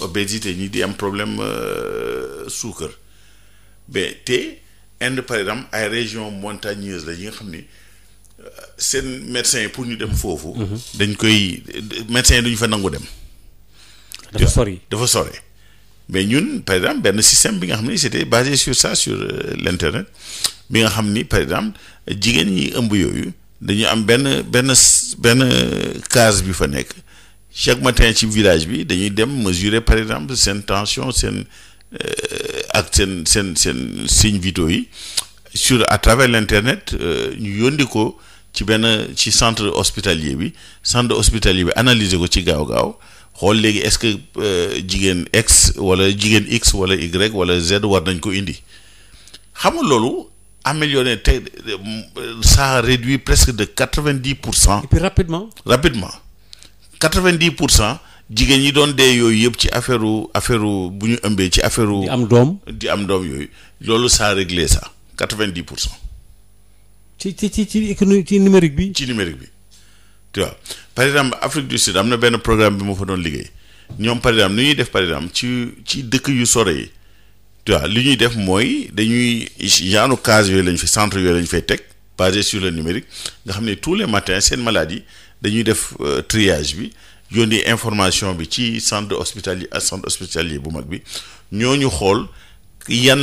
obésité ñii di am problème euh, suukar mais te Inde par exemple ay région montagneuse la yi nga xam ni euh, seen médecin pour ñu dem foofu mhm. Mhm. dañ koy médecin yi duñu fa nangu dem dafa sori dafa sori mais ñun par exemple benn système bi nga xam ne c'était basé sur sa sur l'internet bi nga xam ni par exemple jigéen ñi ëmb yooyu dañu am benn benn benn case bi fa nekk chaque matin ci village bi dañuy dem mesurer par exemple seen tension seen euh, ak seen seen seen signes yi sur à travers l'internet euh, ñu yónni ko ci benn ci centre hospitalier bi centre hospitalier bi analyser ko ci gaaw gaaw xool léegi est-ce que euh, jigéen x wala jigéen x wala y wala z war nañ ko indi xam loolu amélioré te ça a réduit presque de quatre-vingt-dix pour cent. et puis rapidement. rapidement quatre pour cent jigéen ñi doon dee yooyu yëpp ci affaire u affaire bu ñu ëmbee ci affaire u. di am doom di am doom yooyu loolu ça a réglé ça quatre-vingt-dix pour cent. ci ci ci ci ci numérique bi. ci numérique bi tu vois par exemple Afrique du Sud am na benn programme bi ma fa doon liggéey ñoom par exemple nu ñuy def par exemple ci ci dëkk yu sore yi. waaw li ñuy def mooy dañuy genre case yooyu lañ fi centre yooyu fay teg basé sur le numérique nga xam ne tous les matins seen maladie dañuy def euh, triage bi yoon di information bi ci centre hospitalier ak centre hospitalier bu mag bi ñoo ñu xool yan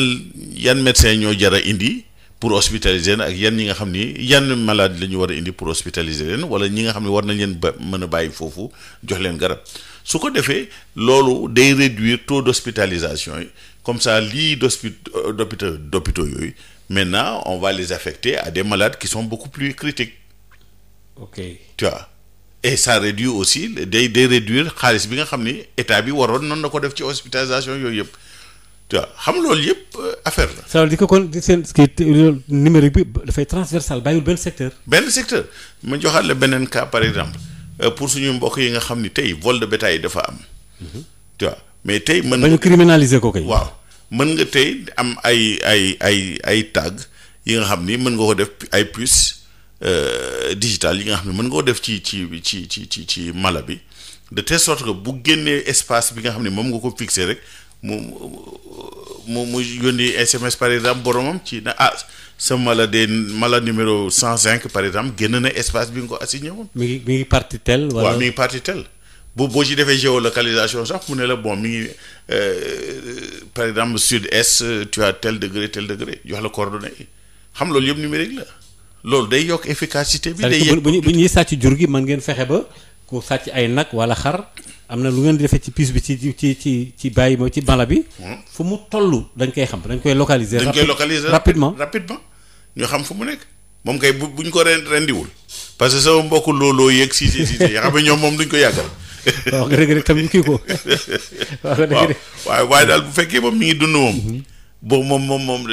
yan médecin ñoo jar indi pour hospitaliser leen ak yan ñi nga xam ni yan maladie la ñu war a indi pour hospitaliser leen wala ñi nga xam ne war nañ leen ba mën a bàyyi foofu jox leen garab su ko defee loolu day réduire taux d'hospitalisation yi comme ça lits euh, d'hôpitaux d'hôpitaux yooyu maintenant on va les affecter à de malades qui sont beaucoup plus critiques ok tu vois et ça réduit aussi day day réduire xaalis bi nga xam ni état bi waroon noon na ko def ci hospitalisation yooyu yëpp tu xam loolu yëpp euh, affaire la. ça veut dire que kon seen numérique bi dafay transversal bàyyiwul benn secteur. benn secteur ma joxaat la benn cas par exemple euh, pour suñu mbokk yi nga xam ni tey vol de bétail dafa am. Mhm. mais tey mën. ba ñu criminaliser ko mën nga tey am ay ay ay ay tag yi nga xam ni mën nga ko def ay puces euh, digitales yi nga xam ne mën nga ko def ci ci ci ci ci ci mala bi de telle sorte que bu génnee espace bi nga xam ne moom nga ko fixé rek mu mu mu yónni SMS par exemple boromam ci na ah sa mala de mala numéro 105 par exemple génn na espace bi nga ko assigné woon. mi ngi mi ngi parti tel. wala waaw ngi parti tel. boobu boo ci defee géolocalisation sax mu ne la bon mi ngi euh, par exemple sud-est tu as tel degré tel degré jox la coordonnées xam loolu yëpp numérique la loolu day yokk efficacité bi. day yegg bu ñuy sàcc jur gi mën ngeen fexe ba ku sàcc ay nag wala xar am na lu ngeen di defee ci puce bi ci ci ci ci bàyyi ma ci bala bi. Hmm. fu mu tollu dañ koy xam dañ koy localiser. dañ koy localiser rapidement rapidement ñu xam fu mu nekk. moom kay bu buñ ko ren rendiwul parce que sama mbokk looloo yeeg si si ñoom moom duñ ko yàggal. waaw rëg rëg tam ñu kii ko. waaw waaye waaye daal bu fekkee moom mi ngi dund moom. Mhm. boobu moom moom moom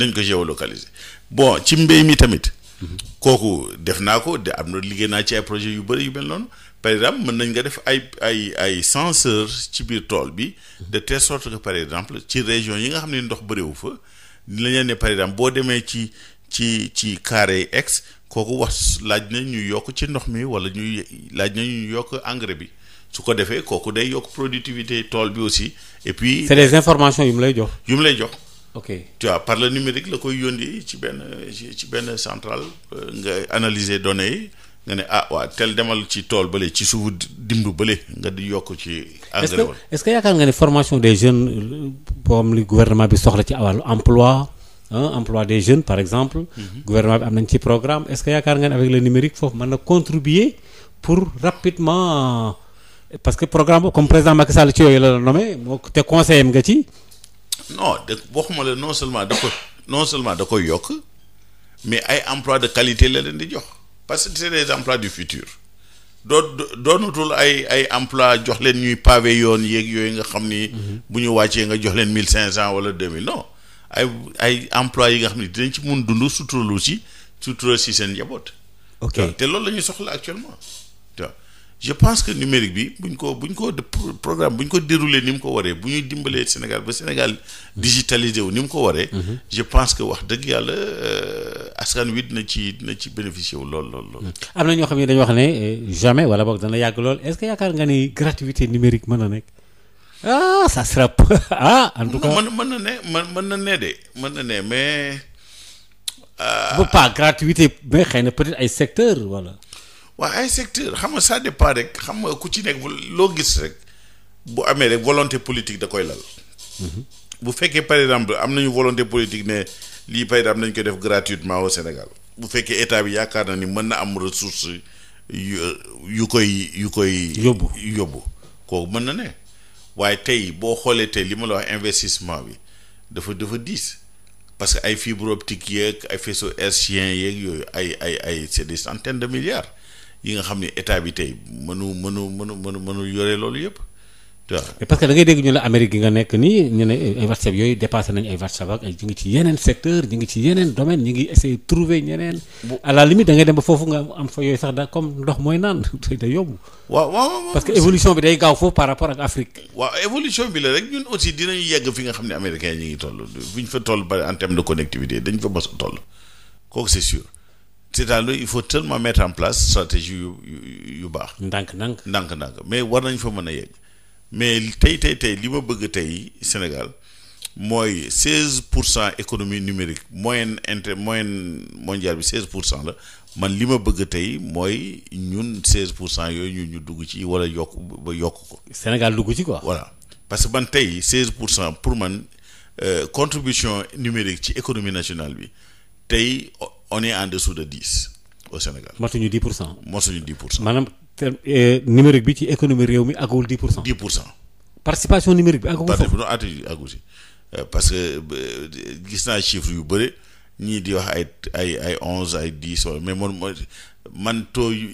dañ ko géolocaliser bon ci mbéy mi tamit. Mhm. kooku def naa ko de am na liggéey naa ci ay projet yu bëri yu mel noonu par exemple mën nañ nga def ay ay ay senseurs ci biir tool bi de telle sorte que par exemple ci région yi nga xam ne ndox bëriwu fa dinañ leen ne par exemple boo demee ci ci ci carré ex kooku wax laaj na ñu yokk ci ndox mi wala ñuy laaj na ñu yokk engrais bi su ko defee kooku day yokk productivité tool bi aussi et puis. c'est des informations yu mu lay jox. yu mu lay jox. ok tu vois par le numérique la koy yónni ci benn ci benn centrale euh, nga analyser données yi nga ne ah waa tel demal ci tool bële ci suufu dimb bële nga di yokk ci. engrais est-ce que des jeunes euh, boobu li gouvernement bi soxla ci wàllu emploi. emploi des jeunes par exemple. Mhm. gouvernement bi am nañ ci programme est-ce que yaakaar nga ne avec le numérique foofu mën na contribuer pour rapidement parce que programme comme président Macky Sall ci yooyu la la nommé moo te conseiller nga ci. non de waxuma la non seulement da ko non seulement da koy yokk mais ay emploi de qualité la leen di jox parce que c'est des emplois du futur. doo doonatul ay ay emploi jox leen ñuy pavé yoon yéeg yooyu nga xam ni. Mhm. bu ñu wàccee nga jox leen mille cinq cent wala deux mille ay ay emploi yi nga xam ne dinañ ci mun dund suturalu si suturalu si seen njaboot. ok te lool la ñuy soxla actuellement je pense que numérique bi buñ ko buñ ko programme buñ ko déroulé ni mu ko waree bu ñuy dimbalee Sénégal ba Sénégal digitalisé wu ni mu ko waree. Mhm. je pense que wax dëgg yàlla euh, askan wi dina ci dina ci bénéficié wu lool lool lool. Hmm. am na ñoo xam ne dañu wax ne euh, jamais wala boog dana yàgg lool est-ce que yaakaar nga ni gratuité numérique mën a nekk. ah ça sera ah, mën na ne man mën na ne de mën na ne mais. Euh, ba pas gratuité mais xëy na peut-être ay secteurs walla waa ay secteur xam nga ça dépend rek xam nga ku ci nekk loo gis rek bu amee rek volonté politique da koy lal. Mhm. bu fekkee par exemple am nañu volonté politique ne lii par am nañ koy def gratuitement au Sénégal bu fekkee état bi yaakaar na ni mën na am ressource yu yu koy yu koy. yóbbu yóbbu kooku mën na ne. waaye tey boo xoolee tey li ma la wax investissement bi dafa dafa diis parce que ay fibre optique yeeg ay faisceau hertzien yeeg yooyu ay ay ay c'est des centaines de milliards yi nga xam ni état bi tey mënu mënu mënu mënu mënu yore loolu yëpp parce que da ngay dégg ñu la Amérique gi nga nekk nii ñu ne eh, ay WhatsApp yooyu dépassé nañu ay WhatsApp ak ñu ngi ci yeneen secteur ñu ngi ci yeneen domaine ñu ngi essayer trouver ñeneen. à la limite da dem ba foofu nga am fa yooyu sax da comme ndox mooy naan day yóbbu. waaw parce que évolution bi day gaaw foofu par rapport ak Afrique. waaw évolution bi la rek ñun aussi dinañu yegg fi nga xam ne américains yi ñu ngi toll bu ñu fa toll ba en terme de a toll kooku c'est sûr. c'est-à-dire il faut tellement mettre en place stratégie yu baax. ndànk-ndànk ndànk-ndànk mais war nañ fa mën a yegg mais tey tey tey li ma bëgg tey Sénégal mooy seize pour cent économie numérique moyenne inter moyenne mondial bi seize pour cent la man li ma bëgg tey mooy ñun seize pour cent yooyu ñun ñu dugg ci wala yokk ba yokk ko. Sénégal dugg ci ko voilà parce que man tey seize pour cent pour man euh, contribution numérique ci économie nationale bi tey on est en dessous de dix au Sénégal. matuñu dix pour cent. matuñu dix pour cent terme eh, numérique bi ci économie réew mi àggul 10 pour cent. 10 pour cent. participation numérique bi àggul foofu àggul si euh, parce que euh, gis naa chiffres yu bëri ñii di wax ay ay ay onze ay dix mais man man taux yu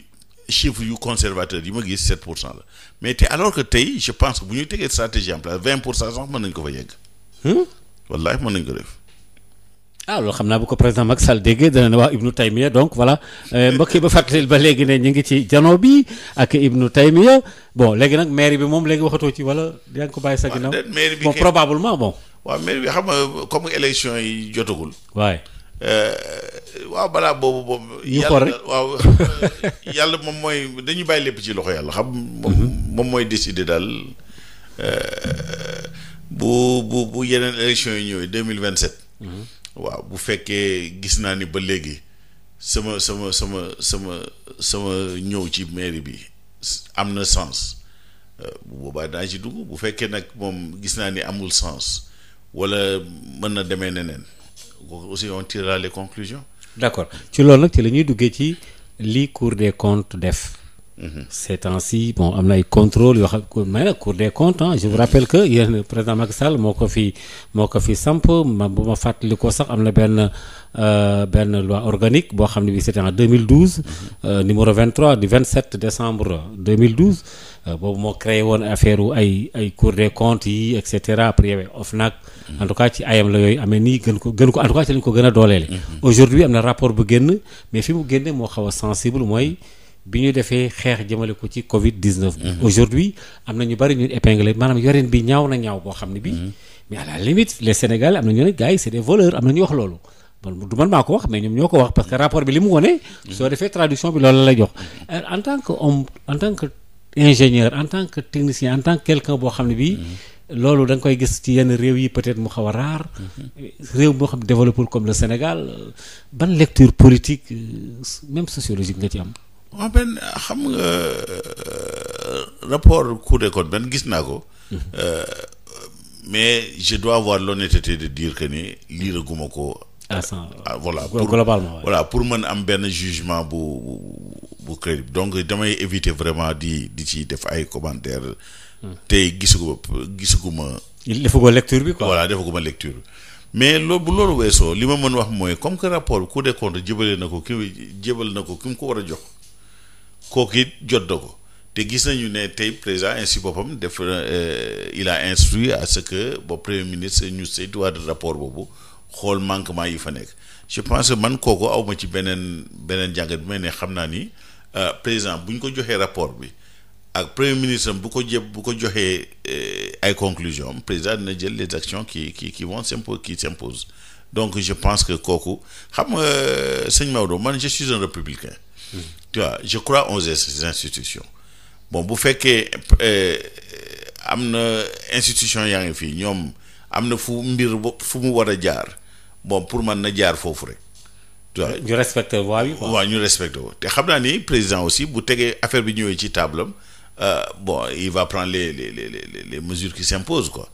chiffres yu conservateur yi ma gis sept pour cent la mais te alors que tey je pense que bu ñuy tegee stratégie en place vingt pour cent sax mën nañ ko fa yegg. Hmm? wallahi mën nañ ko def. ah loolu xam naa bu ko président Macky Sall déggee dana ne waa Ibnu Taymiya donc voilà euh, mbokk yi ba fàttali ba léegi ne ñu ngi ci jano bi ak Ibnu Taymiya bon léegi nag maire bi moom léegi waxatoo ci wala yaa ngi ko bàyyi sa ginnaaw bon probablement bon waaw maire bi xam nga comme élection yi jotagul waaye euh, waaw balaa boobu moom yàlla moom mooy dañuy bàyyi lépp ci loxo yàlla xam mhm. moom mooy décider daal euh, bu bu bu yeneen élection yi ñëwee mille vingt sept mhm. waaw bu fekkee gis naa ni ba léegi sama sama sama sama sama ñëw ci mairie bi am na sens euh, bu boobaa daa ci dugg bu fekkee nag moom gis naa ni amul sens wala mën na demee neneen kooku aussi on tirera les conclusions. d'accord ci loolu nag ci la duggee ci lii Cour des comptes def. ces temps-ci bon am na ay contrôle yoo xam mais nag Cour des comptes ah je vous rappelle que yéen président Macky moo ko fi moo ko fi samp ma bu ma fàttali ko sax am na benn euh, benn loi organique boo xam ne bi c'était en 2012 mm-hmm. euh, numéro 23 du 27 décembre 2012 euh, boobu moo créé woon affaire ay ay Cour des comptes yi et cetera après yow OFNAC mm-hmm. en tout cas ci ayam la yooyu amee nii gën ko gën ko en ci lañ ko gën a dooleele mm-hmm. aujourd'hui am na rapport bu génn mais fi mu génne moo xaw a sensible mooy bi ñu defee xeex jëmale ko ci Covid 19. bi mhm. aujourd'hui am na ñu bari ñu épinglé maanaam yorin bi ñaaw na ñaaw boo xam ne bii. Mhm. mais à la limite les Sénégalais am na ñu ne gars yi c'est des voleurs am na ñu wax loolu. man du man maa ko wax mais ñoom ñoo ko wax parce que rapport bi li mu wone mhm. soo defee traduction bi loolu la lay jox. Euh, en tant que homme en tant que ingénieur en tant que technicien en tant que quelqu'un boo xam ne bii. loolu da koy gis ci yenn réew yi peut-être mu xaw a raar. réew moo xam développé comme le Sénégal euh, ban lecture politique euh, même sociologique nga ci am. waaw benn xam nga euh, rapport Cour des comptes benn gis naa ko. Mhm. Euh, mais je dois avoir l'honnêteté de diir que ni liiraguma ko. à ah, voilà pour globalement. voilà pour mën am benn jugement bu bu bu donc damay éviter vraiment di di ci def ay commentaires. Hmm. tey gisuguma gisuguma. defagoo lecture bi ko quoi. voilà defaguma lecture mais loolu bu loolu weesoo li ma mën wax mooy comme que rapport Cour des comptes jëbale na ko ki jëbal na ko ki mu ko war a jox. kooku it jot na ko te gis nañu ne tey président ainsi boppam def euh, il a instruit à ce que ba premier ministre ñu saytuwaat rapport boobu xool manquement yi fa nekk je pense que man kooku aw ma ci beneen beneen jàngat bi may ne xam naa ni euh, président bu ñu ko joxee rapport bi ak premier ministre bu ko jëb bu ko joxee euh, ay conclusion président dina jël les actions qui qui qui vont s'impo qui s'imposent donc je pense que kooku xam nga sëñ Maodo man je suis un républicain. Hmm. tu vois je crois aux institutions bon bu fekkee eh, am na institution yaa ngi fii ñoom am na fu mbir fu mu war a jaar bon pour man na jaar foofu rek. tu vois ñu respecté voie bi waaw ñu respecté ko te xam naa ni président aussi bu tegee affaire bi ñëwee ci table am euh, bon il va prendre les les les les mesures ki s'imposent ko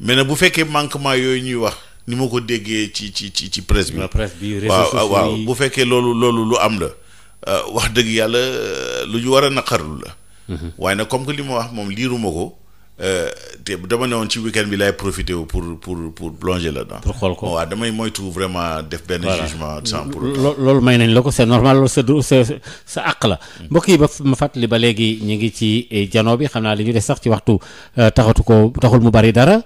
mais nag bu fekkee manquement yooyu ñuy wax ni ma ko déggee ci ci ci ci presse bi. bi waaw waaw bu fekkee loolu loolu lu am la. Euh, wax dëgg yàlla euh, lu ñu war a naqarul la. Mhm. waaye nag comme que li ma wax moom liiruma ko. Euh, te dama ne woon ci weekend bi lay profité wu pour pour pour plonger là pour xool ko waa damay moytu vraiment def benn. jugement sans pour loolu may nañ la ko c'est normal loolu sa sa sa àq la. Mm. mbokk yi ba ma fàttali ba léegi ñu ngi ci eh, jano bi xam naa li ñu des sax ci waxtu taxatu ko taxul mu bari dara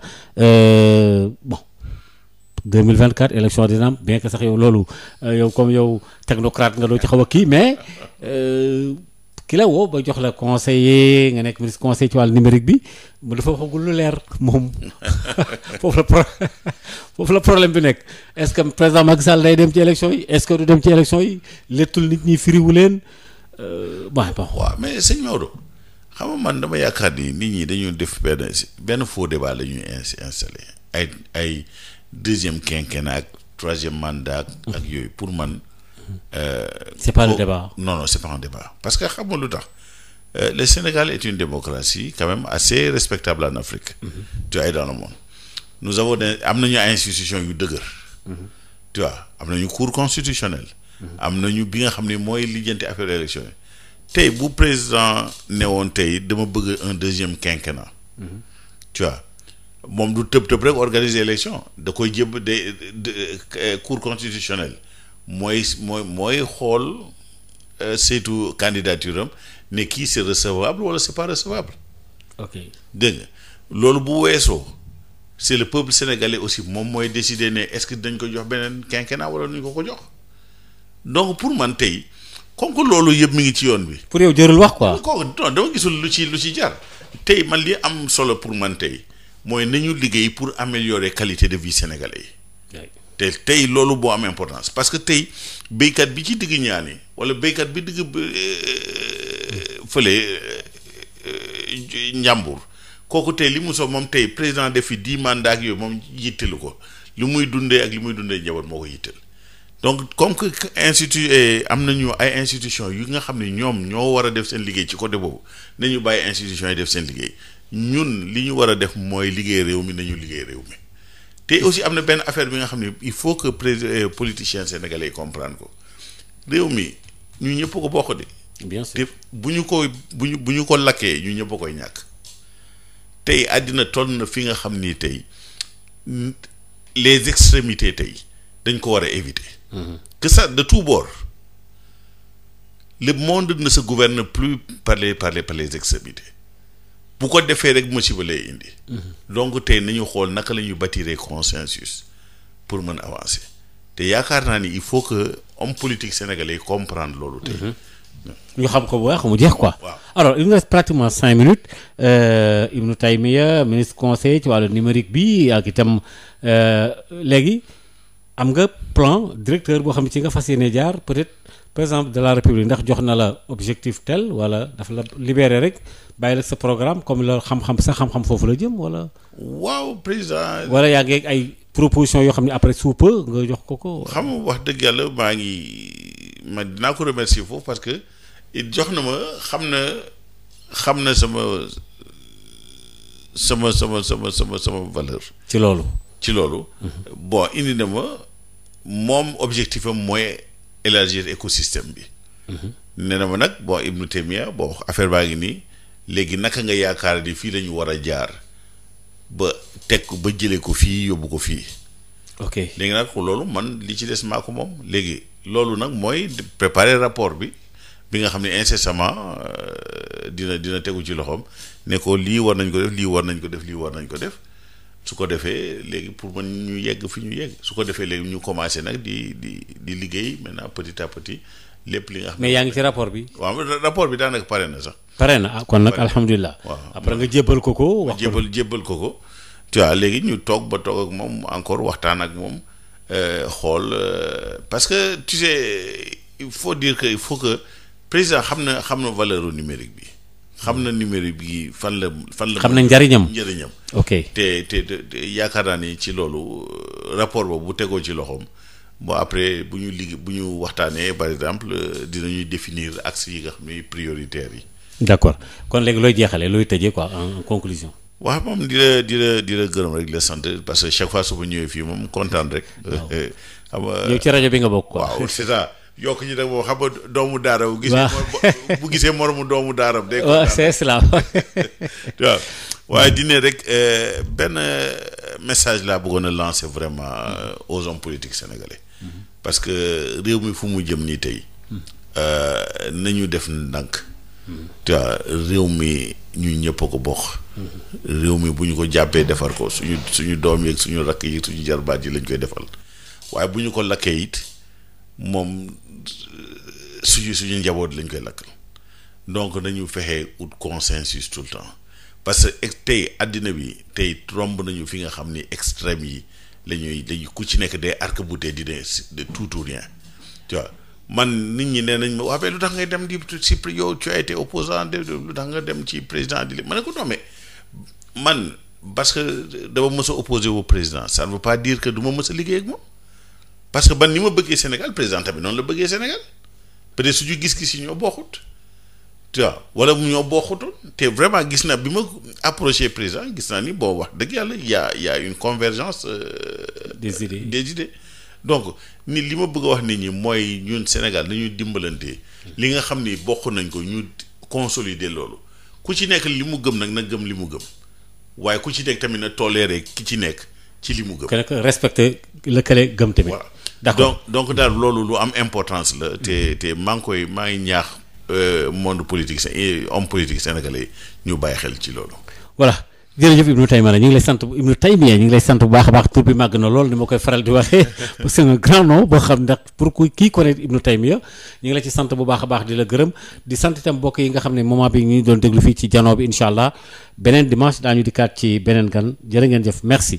2024 élection dina am bien que sax yow loolu euh, yow comme yow technocrate nga doo ci xaw a kii mais euh, ki la ba jox la conseiller nga nekk ministre conseil ci wàll numérique bi mu dafa waxagul lu leer moom foofu la la problème bi nekk est-ce que président ma Sall day dem ci élection yi est-ce que du dem ci élection yi lettul nit ñi firiwu leen waaye euh, bon. waaw mais sëñ Maodo xam nga man dama yaakaar ni nit ñi dañu def benn benn faux débat la ñuy ay. deuxième quinquennat ak troisième mandat mm-hmm. ak yooyu pour man. Euh, c'est pas oh, le débat. non non c'est pas un débat parce que xam nga lu tax euh, le Sénégal est une démocratie quand même assez respectable en Afrique. Mm -hmm. tu vois dans le monde. nous avons des am nañu institution yu dëgër. Mm-hmm. tu vois am nañu cour constitutionnelle. Mm-hmm. am nañu bi nga xam ne mooy lijjanti affaire élection yi tey bu président newoon tey dama bëgg un deuxième quinquennat. tu moom du tëb tëb rek organiser élection da koy jëb de cour constitutionnelle mooy mooy mooy xool euh, saytu candidature am ne kii c'est recevable wala c'est pas recevable. ok dégg loolu bu weesoo c'est le peuple sénégalais aussi moom mooy décider ne est-ce que dañ ko jox beneen quinquennat wala nuñ ko ko jox donc pour man tey comme que loolu yëpp mu ngi ci yoon bi. pour yow jërul wax quoi. kooku dama gisul lu ci lu ci jar tey man li am solo pour man tey. mooy nañu liggéey pour améliorer qualité de vie sénégalais yi. te tey loolu boo am importance parce que tey béykat bi ci digg ñaani wala béykat bi digg euh, fële euh, njàmbur kooku tey li mu so moom tey président de fi dix mandat yooyu moom yittelu ko li muy dundee ak li muy dundee njaboot moo ko yittal donc comme que institut eh, am na nañu ay institution yu nga xam ne ñoom ñoo war a def seen liggéey ci côté boobu nañu bàyyi institution yi def seen liggéey ñun li ñu war a def mooy liggéey réew mi nañu liggéey réew mi te aussi am na benn affaire bi nga xam ne il faut que prés euh, politiciens sénégalais yi comprendre ko réew mi ñu ñëpp ko bokk de. bu ñu ko bu ñu bu ñu ko lakkee ñu ñëpp koy ñàkk tey àddina toll na fi nga xam ni tey les extrémités tey dañ ko war a éviter. Mm-hmm. que ça de tous bords le monde ne se gouverne plus par les par les par les extrémités. bu ko defee rek musiba lay indi. donc tey nañu xool naka la ñuy bâtir consensus pour mën avancer te yaakaar naa ni il faut que homme politique sénégalais comprendre loolu tey. Mhm. ñu xam ko bu baax mu jeex quoi. waaw alors il nous reste pratiquement cinq minutes euh, Ibnou Taïmiya ministre conseil ci wàllu numérique bi ak itam euh, léegi am nga plan directeur boo xam ne ci nga fas yéene jaar peut-être président de la république ndax jox na la objectif tel wala dafa la libéré rek. bàyyi nag sa programme comme la xam-xam sa xam-xam foofu la jëm wala. waaw président. wala yaa ngi ay proposition yoo xam ne après sous peu nga jox ko ko. xam wax dëgg yàlla maa ngi ma dinaa ko remercier foofu parce que it jox na ma xam na xam na sama sama sama sama sama sama valeur. ci loolu. ci loolu. Mhm. bon indi na ma moom objectif am mooy élargir écosystème bi. Mhm. nee na ma nag bon Ibn Taymiya bon affaire baa ngi nii. léegi naka nga yaakaar di fii lañu war a jaar ba teg ko ba jëlee ko fii yóbbu ko fii. ok léegi nag loolu man li ci des maa moom léegi loolu nag mooy préparer rapport bi bi nga xam ne incessamment euh, dina dina tegu ci loxoom ne ko lii war nañ ko def lii war nañ ko def lii war nañ ko def su ko defee léegi pour man ñu yegg fi ñu yegg su ko defee léegi ñu commencé nag di di di liggéey maintenant petit à petit lépp li nga xam. mais yaa ngi ci rapport bi. waaw rapport bi daanaka pare na sax. pare na ah kon nag alhamdulilah. waaw après nga jébbal ko ko. wax jébbal jébbal ko ko. tu léegi ñu toog ba toog ak moom encore waxtaan ak moom euh, xool euh, parce que tu sais il faut dire que il faut que président xam na xam na valeur numérique bi. xam na numérique bi fan la fan la. xam na njariñam njariñam. ok te te te yaakaar naa ni ci loolu euh, rapport boobu bu tegoo ci loxoom. bon après bu ñu liggéey bu ñu waxtaanee par exemple dinañuy définir axes yi nga xam ne prioritaires yi d'accord kon léegi looy jeexalee looy tëjee quoi en conclusion. waaw moom di la di la gërëm rek di sant parce que chaque fois su ma ñëwee fii moom kontaan rek. Euh, xam nga yow ci rajo bi nga bokk quoi. waaw c'est ça. yokk ñi nag moom xam nga doomu daara bu gisee bu gisee moromu doomu daaram day waaw c'est cela waaw waaye dine rek euh, benn message laa bëggoon a lancer vraiment euh, aux hommes politiques sénégalais mm-hmm. parce que réew mi fu mu jëm nii tey mm-hmm. nañu def ndànk te réew mi ñu ñëpp ko bokk. réew mi bu ñu ko jàppee defar ko suñu suñu doom yeeg suñu rakk yi suñu jarbaat yi lañ koy defal waaye bu ñu ko lakkee it moom suñu suñu njaboot lañ koy lakkal donc nañu fexe ut consensus tout parce que tey àddina bi tey tromb nañu fi nga xam ni extrême yi la ñuy ku ci nekk day arc-bouté di ne de tout ou rien tu vois man nit ñi nee nañ ma waaw lu tax ngay dem di si yow tu as été opposant de lu tax nga dem ci président di li ma ne ko non man parce que dama mës a opposé au président ça ne veut pas dire que du ma mës a liggéey ak moom parce que ban ni ma bëggee Sénégal président tamit noonu la bëggee Sénégal peut-être suñu gis-gis ñoo bokkut tu wala mu ñoo bokkutoon te vraiment gis na bi ma approché président gis naa ni boo wax dëgg yàlla yaa yaa y a une convergence. Euh, des idées des donc ni li ma bëgg a wax nit ñi mooy ñun Sénégal nañu dimbalante li nga xam ni bokk nañ ko ñu consolider loolu ku ci nekk li mu gëm nag na gëm li mu gëm waaye ku ci nekk tamit na toléré ki ci nekk ci li mu gëm. que respecté lëkkale gëm tamit. waaw d'accord donc donc daal loolu lu am importance la. te te maa koy maa ngi ñaax euh, monde politique homme politique sénégalais ñu bàyyi xel ci loolu. voilà. jërëjëf Ibnu Taymiyya ñu ngi lay sant Ibnu Taymiyya ñu ngi lay sant bu baax a baax tur bi màgg na lool ni ma koy faral di waxee parce que un grand nom boo xam ndax pour ku kii connaît Ibnu Taymiyya ñu ngi la ci sant bu baax a baax di la gërëm di sant itam mbokk yi nga xam ne moment bi ñu doon déglu fii ci janoo bi incha allah beneen dimanche daañu dikkaat ci beneen gan jërë ngeen jëf merci